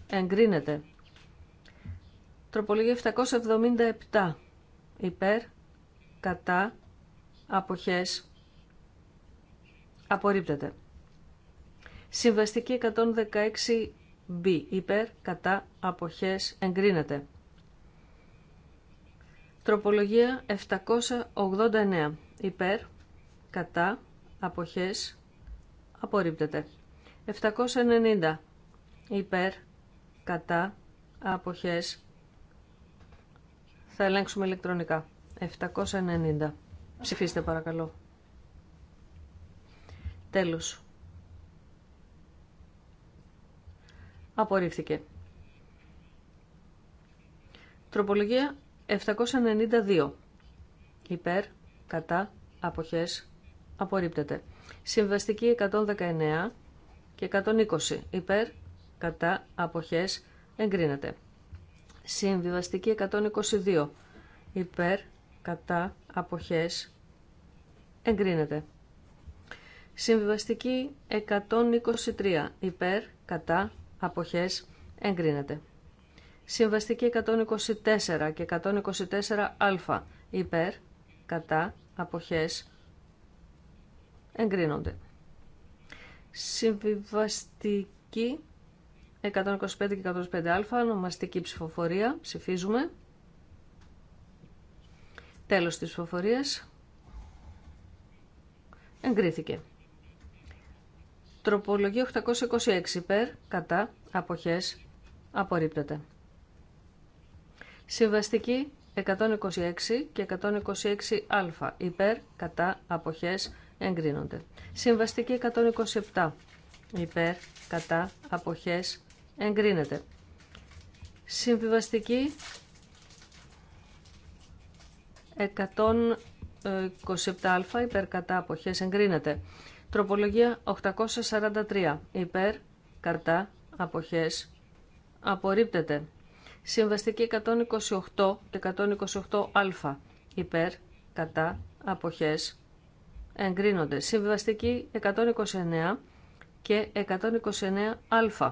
εγκρίνεται. Τροπολογία 777. Υπέρ, κατά, αποχές, Απορρίπτεται. Συμβαστική 116B. Υπέρ, κατά, αποχές, εγκρίνεται. Τροπολογία 789. Υπέρ, κατά, αποχές, απορρίπτεται. 790. Υπέρ, κατά, αποχές, θα ελέγξουμε ηλεκτρονικά. 790. Ψηφίστε παρακαλώ. Τέλος. Απορρίφθηκε. Τροπολογία 792. Υπέρ, κατά, αποχές, απορρίπτεται. Συμβαστική 119 και 120. Υπέρ, κατά, αποχές, εγκρίνεται. Συμβιβαστική 122. Υπέρ, κατά, αποχές, εγκρίνεται. Συμβιβαστική 123 υπέρ, κατά, αποχές, εγκρίνεται. Συμβαστική 124 και 124α υπέρ, κατά, αποχές, εγκρίνονται. Συμβιβαστική 125 και 125α, νομαστική ψηφοφορία, ψηφίζουμε. Τέλος της ψηφοφορίας. Εγκρίθηκε. Τροπολογία 826 υπέρ, κατά, αποχές, απορρίπτεται. Συμβαστική 126 και 126α υπέρ, κατά, αποχές, εγκρίνονται. Συμβαστική 127 υπέρ, κατά, αποχές, εγκρίνεται. Συμβιβαστική 127α υπέρ, κατά, αποχές, εγκρίνεται. Τροπολογία 843. Υπέρ, κατά αποχές, απορρίπτεται. Συμβαστική 128 και 128α. Υπέρ, κατά, αποχές, εγκρίνονται. Συμβαστική 129 και 129α.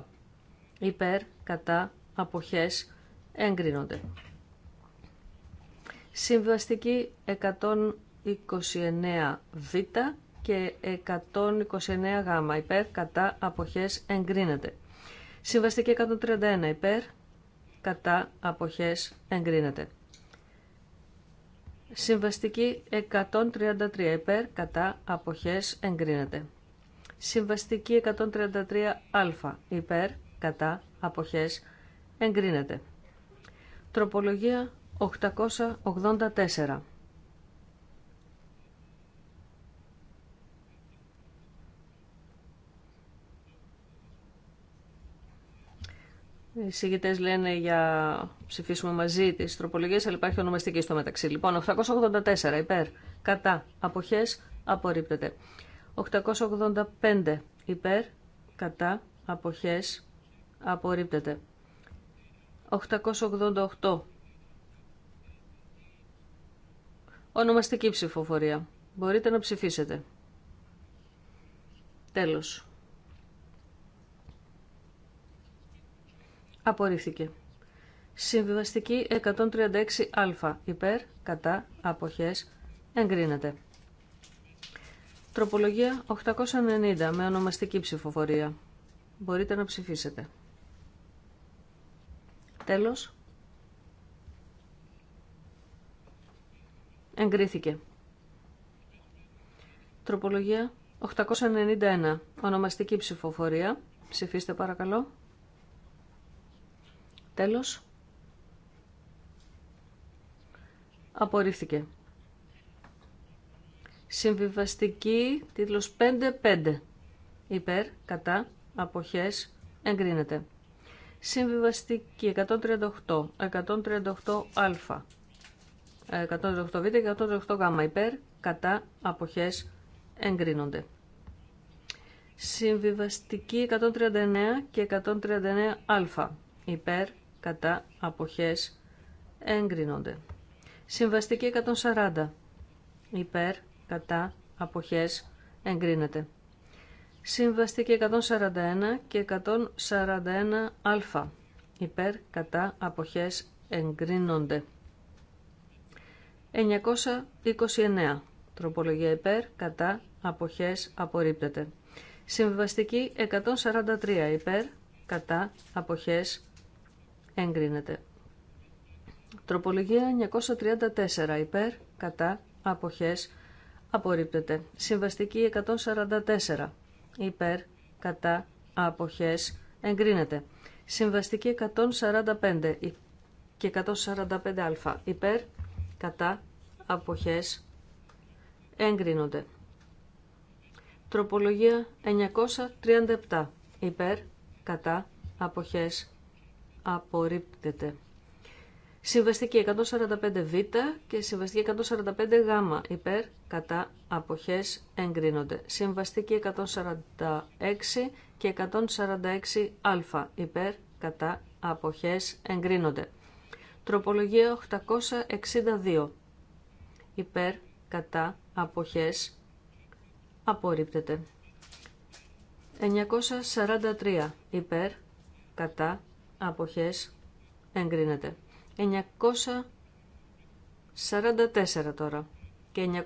Υπέρ, κατά, αποχές, εγκρίνονται. Συμβαστική 129β και 129 γάμα υπέρ κατά αποχές εγκρίνεται. Συμβαστική 131 υπέρ κατά αποχές εγκρίνεται. Συμβαστική 133 υπέρ κατά αποχές εγκρίνεται. Συμβαστική 133α υπέρ κατά αποχές εγκρίνεται. Τροπολογία 884 Οι συγγητές λένε για ψηφίσουμε μαζί τις τροπολογίες, αλλά υπάρχει ονομαστική στο μεταξύ. Λοιπόν, 884 υπέρ, κατά, αποχές, απορρίπτεται. 885 υπέρ, κατά, αποχές, απορρίπτεται. 888 Ονομαστική ψηφοφορία. Μπορείτε να ψηφίσετε. Τέλος. Απορρίφθηκε. Συμβιβαστική 136α. Υπέρ, κατά, αποχές, εγκρίνεται. Τροπολογία 890 με ονομαστική ψηφοφορία. Μπορείτε να ψηφίσετε. Τέλος. Εγκρίθηκε. Τροπολογία 891. Ονομαστική ψηφοφορία. Ψηφίστε παρακαλώ. Τέλος. Απορρίφθηκε. Συμβιβαστική τίτλος 5-5. Υπέρ, κατά, αποχές, εγκρίνεται. Συμβιβαστική 138, 138α, 138β και 138γ. Υπέρ, κατά, αποχές, εγκρίνονται. Συμβιβαστική 139 και 139α. Υπέρ, κατά αποχές εγκρίνονται. Συμβαστική 140 υπέρ κατά αποχές εγκρίνεται. Συμβαστική 141 και 141α υπέρ κατά αποχές εγκρίνονται. 929 τροπολογία υπέρ κατά αποχές απορρίπτεται. Συμβαστική 143 υπέρ κατά αποχές εγκρίνεται. Τροπολογία 934 υπέρ, κατά, αποχές, απορρίπτεται. Συμβαστική 144 υπέρ, κατά, αποχές, εγκρίνεται. Συμβαστική 145 και 145α υπέρ, κατά, αποχές, εγκρίνονται. Τροπολογία 937 υπέρ, κατά, αποχές, απορρίπτεται. Συμβαστική 145β και συμβαστική 145γ υπέρ κατά αποχές εγκρίνονται. Συμβαστική 146 και 146α υπέρ κατά αποχές εγκρίνονται. Τροπολογία 862 υπέρ κατά αποχές απορρίπτεται. 943 υπέρ κατά αποχές εγκρίνεται. 944 τώρα και 945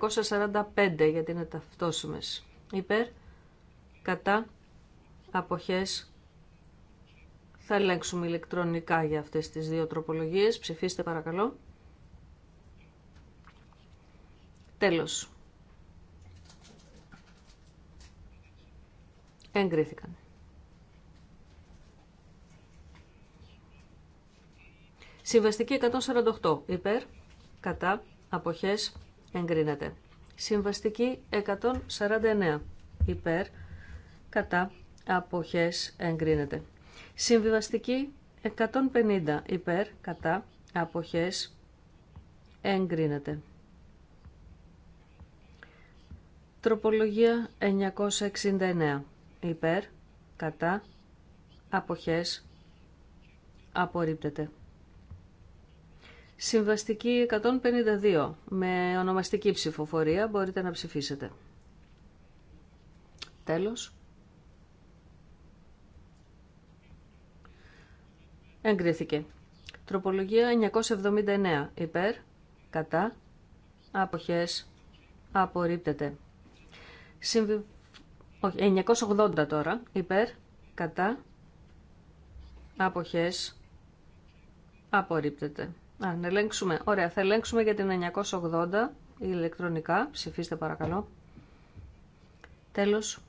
γιατί είναι ταυτόσιμες. Υπέρ, κατά, αποχές, θα ελέγξουμε ηλεκτρονικά για αυτές τις δύο τροπολογίες. Ψηφίστε παρακαλώ. Τέλος. Εγκρίθηκαν. Συμβαστική 148 υπέρ, κατά, αποχές, εγκρίνεται. Συμβαστική 149 υπέρ, κατά, αποχές, εγκρίνεται. Συμβαστική 150 υπέρ, κατά, αποχές, εγκρίνεται. Τροπολογία 969 υπέρ, κατά, αποχές, απορρίπτεται. Συμβαστική 152 με ονομαστική ψηφοφορία μπορείτε να ψηφίσετε. Τέλος. Εγκρίθηκε. Τροπολογία 979. Υπέρ, κατά, αποχές, απορρίπτεται. Συμβι... 980 τώρα. Υπέρ, κατά, αποχές, απορρίπτεται να ελέγξουμε. Ωραία, θα ελέγξουμε για την 980 ηλεκτρονικά. Ψηφίστε παρακαλώ. Τέλος.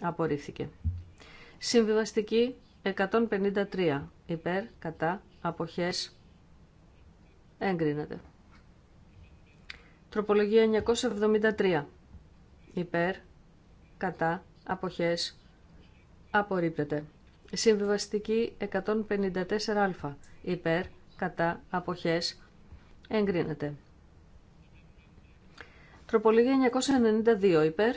Απορρίφθηκε. Συμβιβαστική 153. Υπέρ, κατά, αποχές. Έγκρινεται. Τροπολογία 973. Υπέρ, κατά, αποχές. Απορρίπτεται. Συμβιβαστική 154α. Υπέρ, κατά, αποχές, εγκρίνεται. Τροπολογία 992. Υπέρ,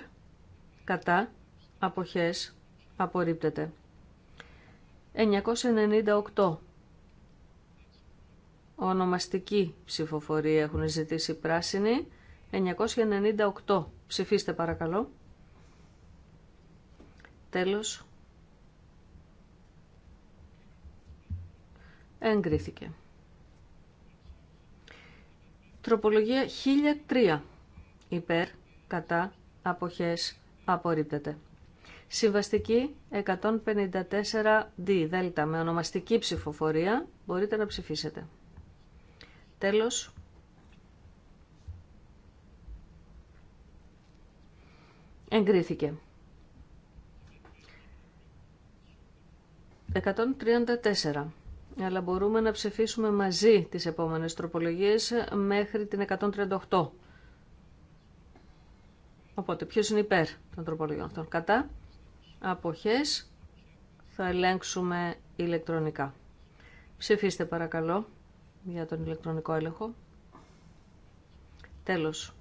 κατά, αποχές, απορρίπτεται. 998. Ονομαστική ψηφοφορία έχουν ζητήσει πράσινη. 998. Ψηφίστε παρακαλώ. Τέλος. Εγκρίθηκε. Τροπολογία 1003. Υπέρ, κατά, αποχές, απορρίπτεται. Συμβαστική 154D, δέλτα, με ονομαστική ψηφοφορία, μπορείτε να ψηφίσετε. Τέλος. Εγκρίθηκε. 134 αλλά μπορούμε να ψηφίσουμε μαζί τις επόμενες τροπολογίες μέχρι την 138. Οπότε, ποιος είναι υπέρ των τροπολογιών αυτών. Κατά, αποχές, θα ελέγξουμε ηλεκτρονικά. Ψηφίστε παρακαλώ για τον ηλεκτρονικό έλεγχο. Τέλος.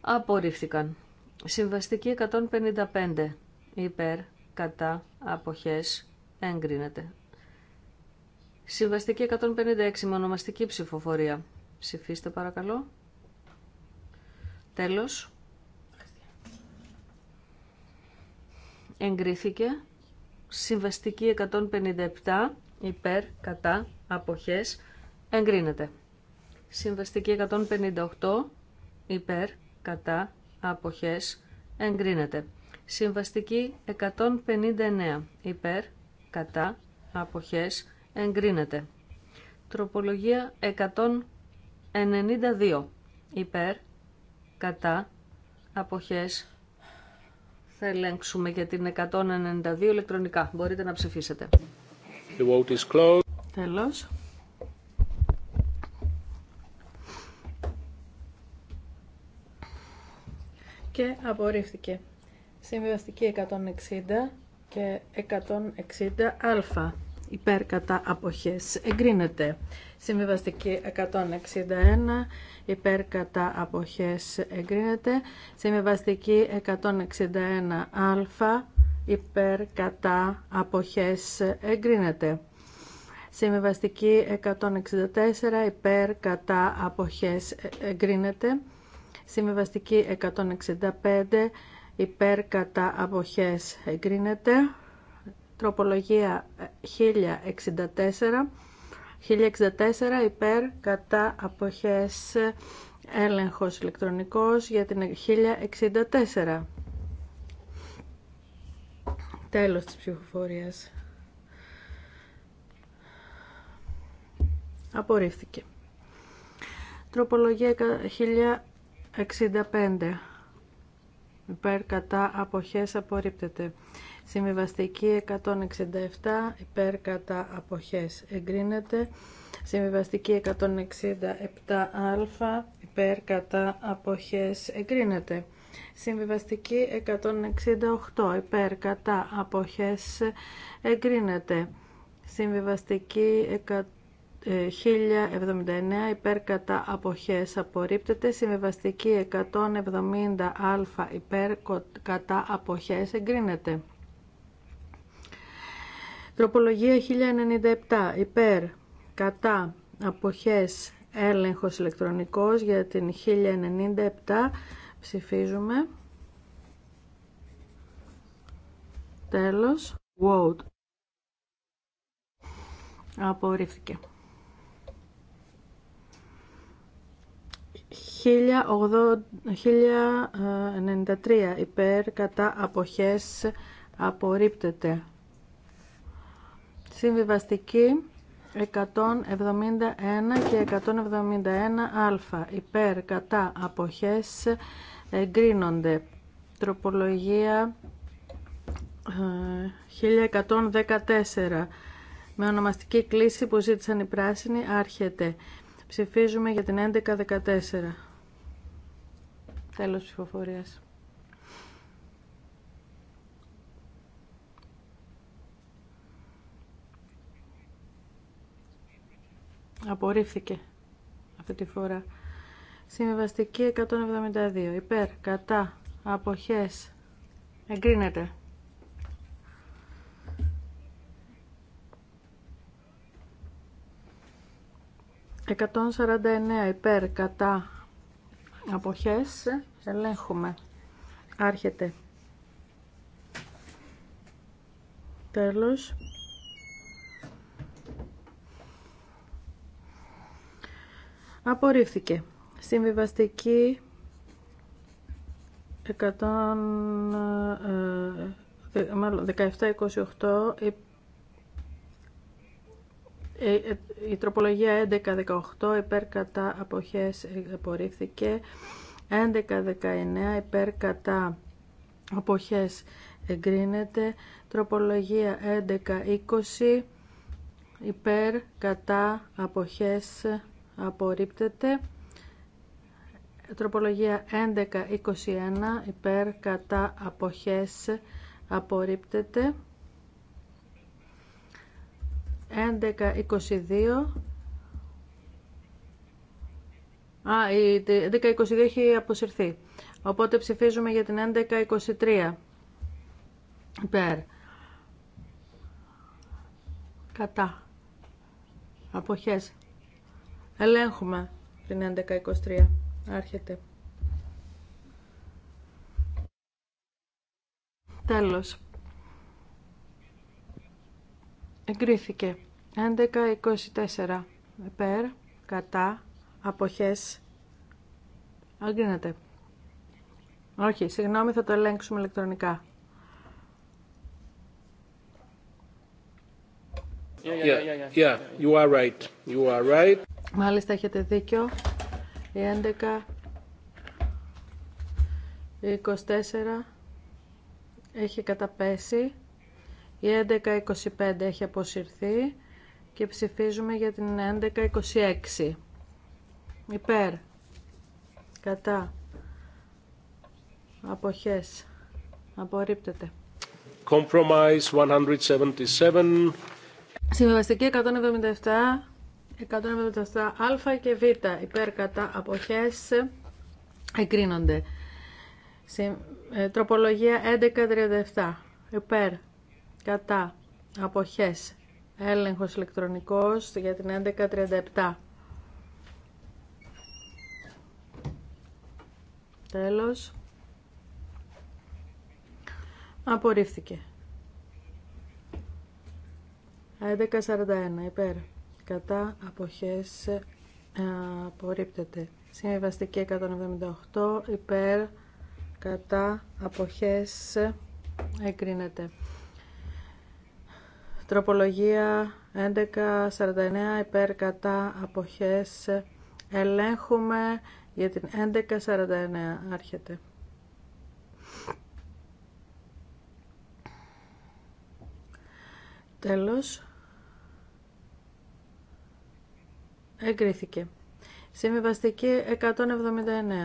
Απορρίφθηκαν. Συμβαστική 155 υπέρ κατά αποχές έγκρινεται. Συμβαστική 156 μονομαστική ψηφοφορία. Ψηφίστε παρακαλώ. Τέλος. Εγκρίθηκε. Συμβαστική 157 υπέρ κατά αποχές εγκρίνεται. Συμβαστική 158 υπέρ κατά αποχές εγκρίνεται. Συμβαστική 159 υπέρ, κατά, αποχές εγκρίνεται. Τροπολογία 192 υπέρ, κατά, αποχές θα ελέγξουμε για την 192 ηλεκτρονικά. Μπορείτε να ψηφίσετε. The Τέλος. και απορρίφθηκε. Συμβιβαστική 160 και 160α υπέρ κατά αποχές εγκρίνεται. Συμβιβαστική 161 υπέρ κατά αποχές εγκρίνεται. Συμβιβαστική 161α υπέρ κατά αποχές εγκρίνεται. Συμβιβαστική 164 υπέρ κατά αποχές ε, εγκρίνεται. Συμβιβαστική 165 υπέρ κατά αποχές εγκρίνεται. Τροπολογία 1064. 1064 υπέρ κατά αποχές έλεγχος ηλεκτρονικός για την 1064. Τέλος της ψηφοφορίας. Απορρίφθηκε. Τροπολογία 65 υπέρ κατά αποχές απορρίπτεται. Συμβιβαστική 167 υπέρ κατά αποχές εγκρίνεται. Συμβιβαστική 167α υπέρ κατά αποχές εγκρίνεται. Συμβιβαστική 168 υπέρ κατά αποχές εγκρίνεται. Συμβιβαστική 1079 υπέρ κατά αποχές απορρίπτεται συμβιβαστική 170α υπέρ κατά αποχές εγκρίνεται τροπολογία 1097 υπέρ κατά αποχές έλεγχος ηλεκτρονικός για την 1097 ψηφίζουμε τέλος Word. απορρίφθηκε 1093 ε, υπέρ κατά αποχές απορρίπτεται. Συμβιβαστική 171 και 171α υπέρ κατά αποχές εγκρίνονται. Τροπολογία 1114 ε, με ονομαστική κλίση που ζήτησαν οι πράσινοι άρχεται. Ψηφίζουμε για την 1114. Τέλος ψηφοφορίας. Απορρίφθηκε αυτή τη φορά. συμβαστική 172. Υπέρ, κατά, αποχές. Εγκρίνεται. 149 υπέρ κατά αποχές ελέγχουμε άρχεται τέλος απορρίφθηκε συμβιβαστική 100 17 17-28 ε, ε, η τροπολογία 11-18 υπέρ κατά αποχές απορρίφθηκε. 11-19 υπέρ κατά αποχές εγκρίνεται. Τροπολογία 11-20 υπέρ κατά αποχές απορρίπτεται. Τροπολογία 11-21 υπέρ κατά αποχές απορρίπτεται. 11.22 Α, η 11.22 έχει αποσυρθεί. Οπότε ψηφίζουμε για την 11.23. Υπέρ. Κατά. Αποχές. Ελέγχουμε την 11.23. Άρχεται. Τέλος εγκρίθηκε 11-24 Πέρ, κατά αποχές αγκρίνεται όχι, συγγνώμη θα το ελέγξουμε ηλεκτρονικά you are right. You are right. Μάλιστα έχετε δίκιο. Η 11, 24 έχει καταπέσει. Η 1125 έχει αποσυρθεί και ψηφίζουμε για την 1126. Υπέρ. Κατά. Αποχές. Απορρίπτεται. Compromise 177. Συμβαστική 177. 177α και β. Υπέρ κατά αποχές εγκρίνονται. Ε, τροπολογία 1137. Υπέρ κατά αποχές έλεγχος ηλεκτρονικός για την 1137 τέλος απορρίφθηκε 1141 υπέρ κατά αποχές ε, απορρίπτεται συμβιβαστική 178 υπέρ κατά αποχές εγκρίνεται Τροπολογία 1149 υπέρ κατά αποχές. Ελέγχουμε για την 1149. Άρχεται. Τέλος. Εγκρίθηκε. Συμβιβαστική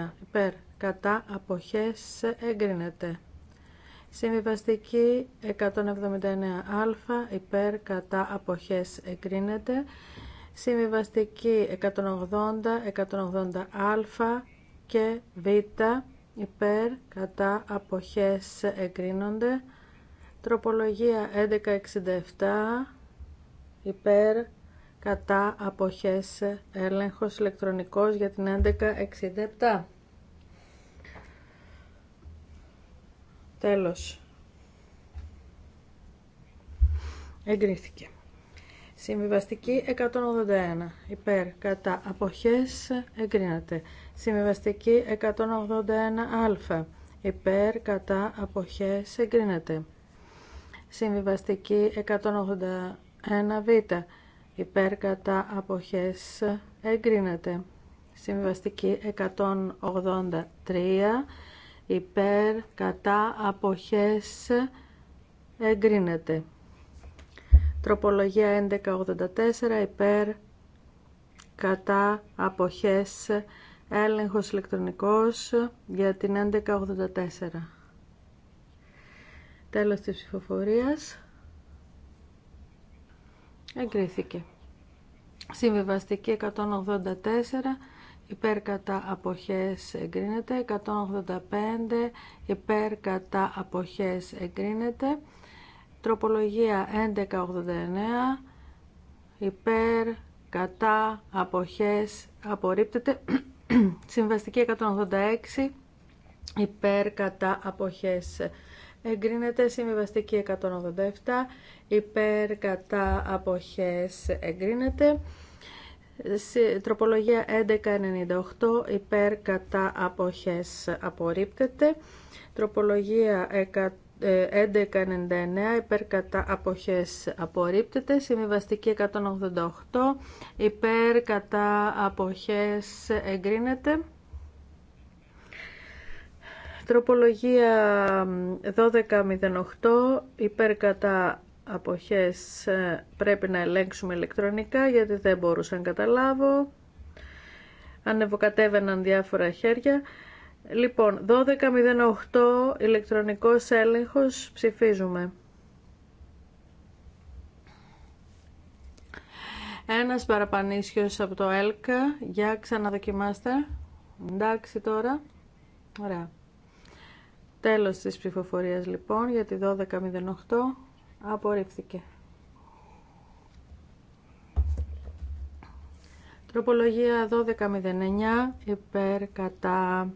179 υπέρ κατά αποχές εγκρίνεται. Συμβιβαστική 179α υπέρ κατά αποχές εγκρίνεται. Συμβιβαστική 180, 180α και β υπέρ κατά αποχές εγκρίνονται. Τροπολογία 1167 υπέρ κατά αποχές έλεγχος ηλεκτρονικός για την 1167. Τέλος. Εγκρίθηκε. Συμβιβαστική 181. Υπέρ, κατά, αποχές, εγκρίνεται. Συμβιβαστική 181α. Υπέρ, κατά, αποχές, εγκρίνεται. Συμβιβαστική 181β. Υπέρ, κατά, αποχές, εγκρίνεται. Συμβιβαστική 183 υπέρ κατά αποχές εγκρίνεται. Τροπολογία 1184 υπέρ κατά αποχές έλεγχος ηλεκτρονικός για την 1184. Τέλος της ψηφοφορίας. Εγκρίθηκε. Συμβιβαστική 184 υπέρ κατά αποχές εγκρίνεται 185 υπέρ κατά αποχές εγκρίνεται τροπολογία 1189 υπέρ κατά αποχές απορρίπτεται συμβαστική 186 υπέρ κατά αποχές εγκρίνεται συμβιβαστική 187 υπέρ κατά αποχές εγκρίνεται Τροπολογία 1198 υπέρ κατά αποχές απορρίπτεται. Τροπολογία 1199 ε, υπέρ κατά αποχές απορρίπτεται. Συμβιβαστική 188 υπέρ κατά αποχές εγκρίνεται. Τροπολογία 1208 υπέρ κατά αποχές ε, πρέπει να ελέγξουμε ηλεκτρονικά γιατί δεν μπορούσα να καταλάβω. Ανεβοκατέβαιναν διάφορα χέρια. Λοιπόν, 12.08 ηλεκτρονικός έλεγχος ψηφίζουμε. Ένας παραπανίσιος από το ΕΛΚΑ. Για ξαναδοκιμάστε. Εντάξει τώρα. Ωραία. Τέλος της ψηφοφορίας λοιπόν για τη 12.08. Απορρίφθηκε. Τροπολογία 12.09 υπέρ κατά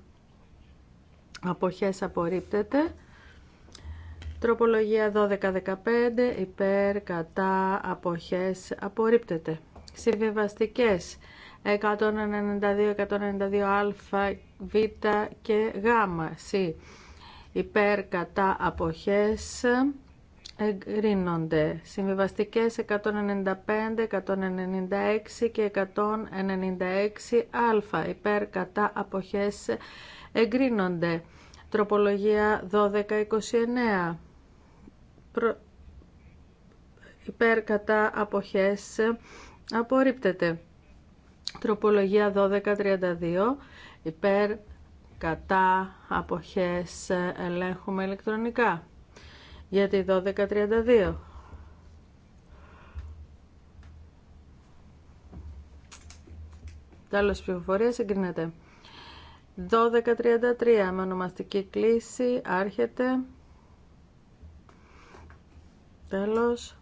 αποχές απορρίπτεται. Τροπολογία 12.15 υπέρ κατά αποχές απορρίπτεται. Συμβιβαστικές 192, 192α, β και γ, Υπέρ κατά αποχές εγκρίνονται. Συμβιβαστικές 195, 196 και 196α υπέρ κατά αποχές εγκρίνονται. Τροπολογία 1229 Προ... υπέρ κατά αποχές απορρίπτεται. Τροπολογία 1232 υπέρ κατά αποχές ελέγχουμε ηλεκτρονικά. Γιατί τη 1232. Τέλος πληροφορια εγκρίνεται. 12.33 με ονομαστική κλίση άρχεται. Τέλος.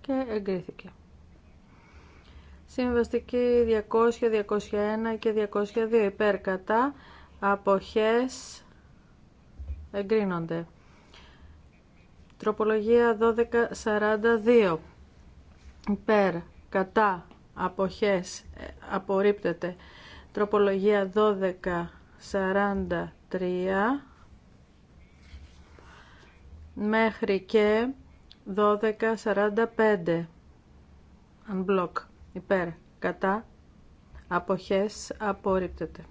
Και εγκρίθηκε. Συμβαστική 200, 201 και 202 υπέρ κατά αποχές εγκρίνονται. Τροπολογία 1242. Υπέρ, κατά, αποχές, ε, απορρίπτεται. Τροπολογία 1243 μέχρι και 1245. Unblock. Υπέρ, κατά, αποχές, απορρίπτεται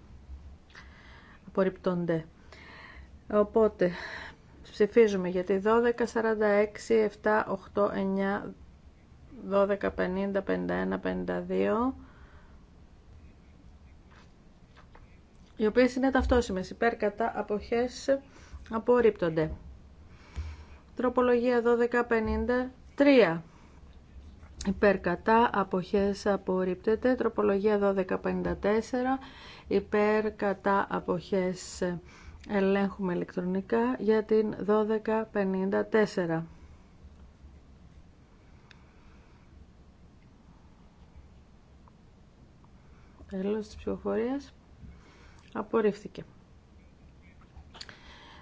απορριπτονται. Οπότε ψηφίζουμε για τη 12, 46, 7, 8, 9, 12, 50, 51, 52 οι οποίες είναι ταυτόσιμες υπέρ κατά αποχές απορρίπτονται. Τροπολογία 12-53 υπέρ κατά αποχές απορρίπτεται τροπολογία 1254 υπέρ κατά αποχές ελέγχουμε ηλεκτρονικά για την 1254 Τέλος της ψηφοφορίας απορρίφθηκε.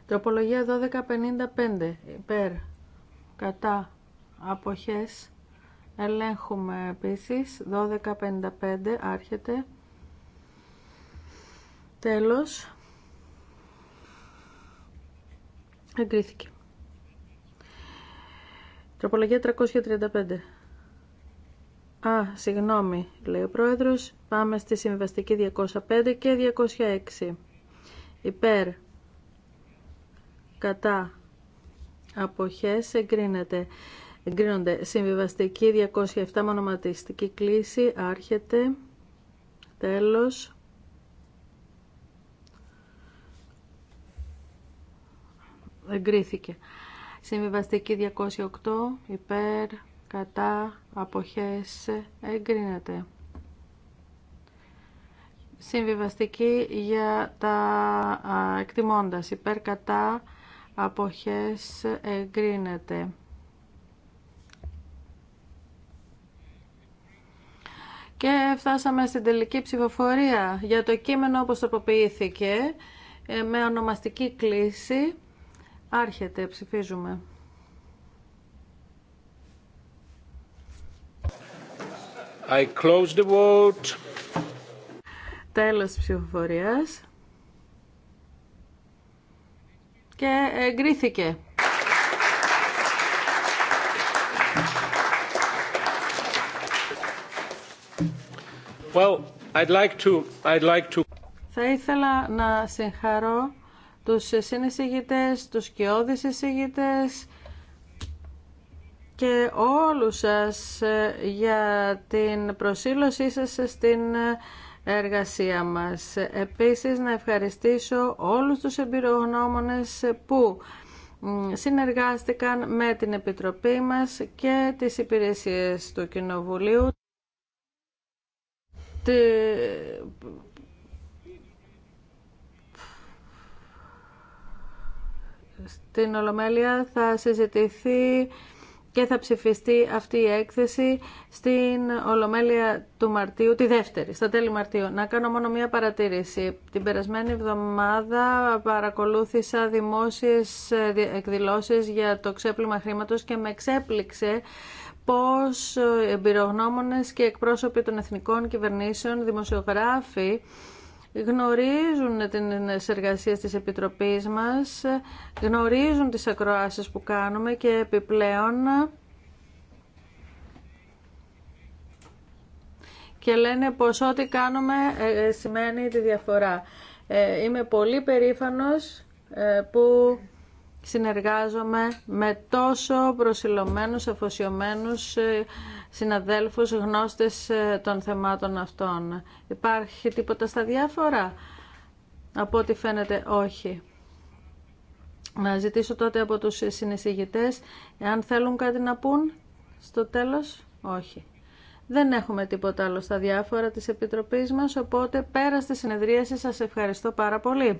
Τροπολογία 1255 υπέρ κατά αποχές Ελέγχουμε επίσης 12.55 άρχεται. Τέλος. Εγκρίθηκε. Τροπολογία 335. Α, συγγνώμη, λέει ο πρόεδρος. Πάμε στη συμβαστική 205 και 206. Υπέρ. Κατά. Αποχές εγκρίνεται. Εγκρίνονται. Συμβιβαστική 207 μονοματιστική κλίση. Άρχεται. Τέλος. Εγκρίθηκε. Συμβιβαστική 208 υπέρ κατά αποχές εγκρίνεται. Συμβιβαστική για τα εκτιμώντας υπέρ κατά αποχές εγκρίνεται. Και φτάσαμε στην τελική ψηφοφορία για το κείμενο όπως τοποποιήθηκε, ε, με ονομαστική κλίση. Άρχεται, ψηφίζουμε. I close the vote. Τέλος ψηφοφορίας. Και εγκρίθηκε. Θα ήθελα να συγχαρώ τους συνεισηγητές, τους σκιώδεις εισηγητές και όλους σας ε, για την προσήλωσή σας στην εργασία μας. Επίσης να ευχαριστήσω όλους τους εμπειρογνώμονες που συνεργάστηκαν με την Επιτροπή μας και τις υπηρεσίες του Κοινοβουλίου. Ε, στην Ολομέλεια θα συζητηθεί και θα ψηφιστεί αυτή η έκθεση στην Ολομέλεια του Μαρτίου, τη δεύτερη, στα τέλη Μαρτίου. Να κάνω μόνο μία παρατήρηση. Την περασμένη εβδομάδα παρακολούθησα δημόσιες εκδηλώσεις για το ξέπλυμα χρήματος και με εξέπληξε πώς εμπειρογνώμονες και εκπρόσωποι των εθνικών κυβερνήσεων, δημοσιογράφοι, γνωρίζουν τις εργασίες της Επιτροπής μας, γνωρίζουν τις ακροάσεις που κάνουμε και επιπλέον και λένε πως ό,τι κάνουμε ε, ε, σημαίνει τη την εργασιες Είμαι πολύ περήφανος ε, που συνεργάζομαι με τόσο προσιλωμένους, αφοσιωμένους ε, συναδέλφους, γνώστες ε, των θεμάτων αυτών. Υπάρχει τίποτα στα διάφορα? Από ό,τι φαίνεται όχι. Να ζητήσω τότε από τους συνεισηγητές, εάν θέλουν κάτι να πούν, στο τέλος, όχι. Δεν έχουμε τίποτα άλλο στα διάφορα της Επιτροπής μας, οπότε πέρα στη συνεδρίαση σας ευχαριστώ πάρα πολύ.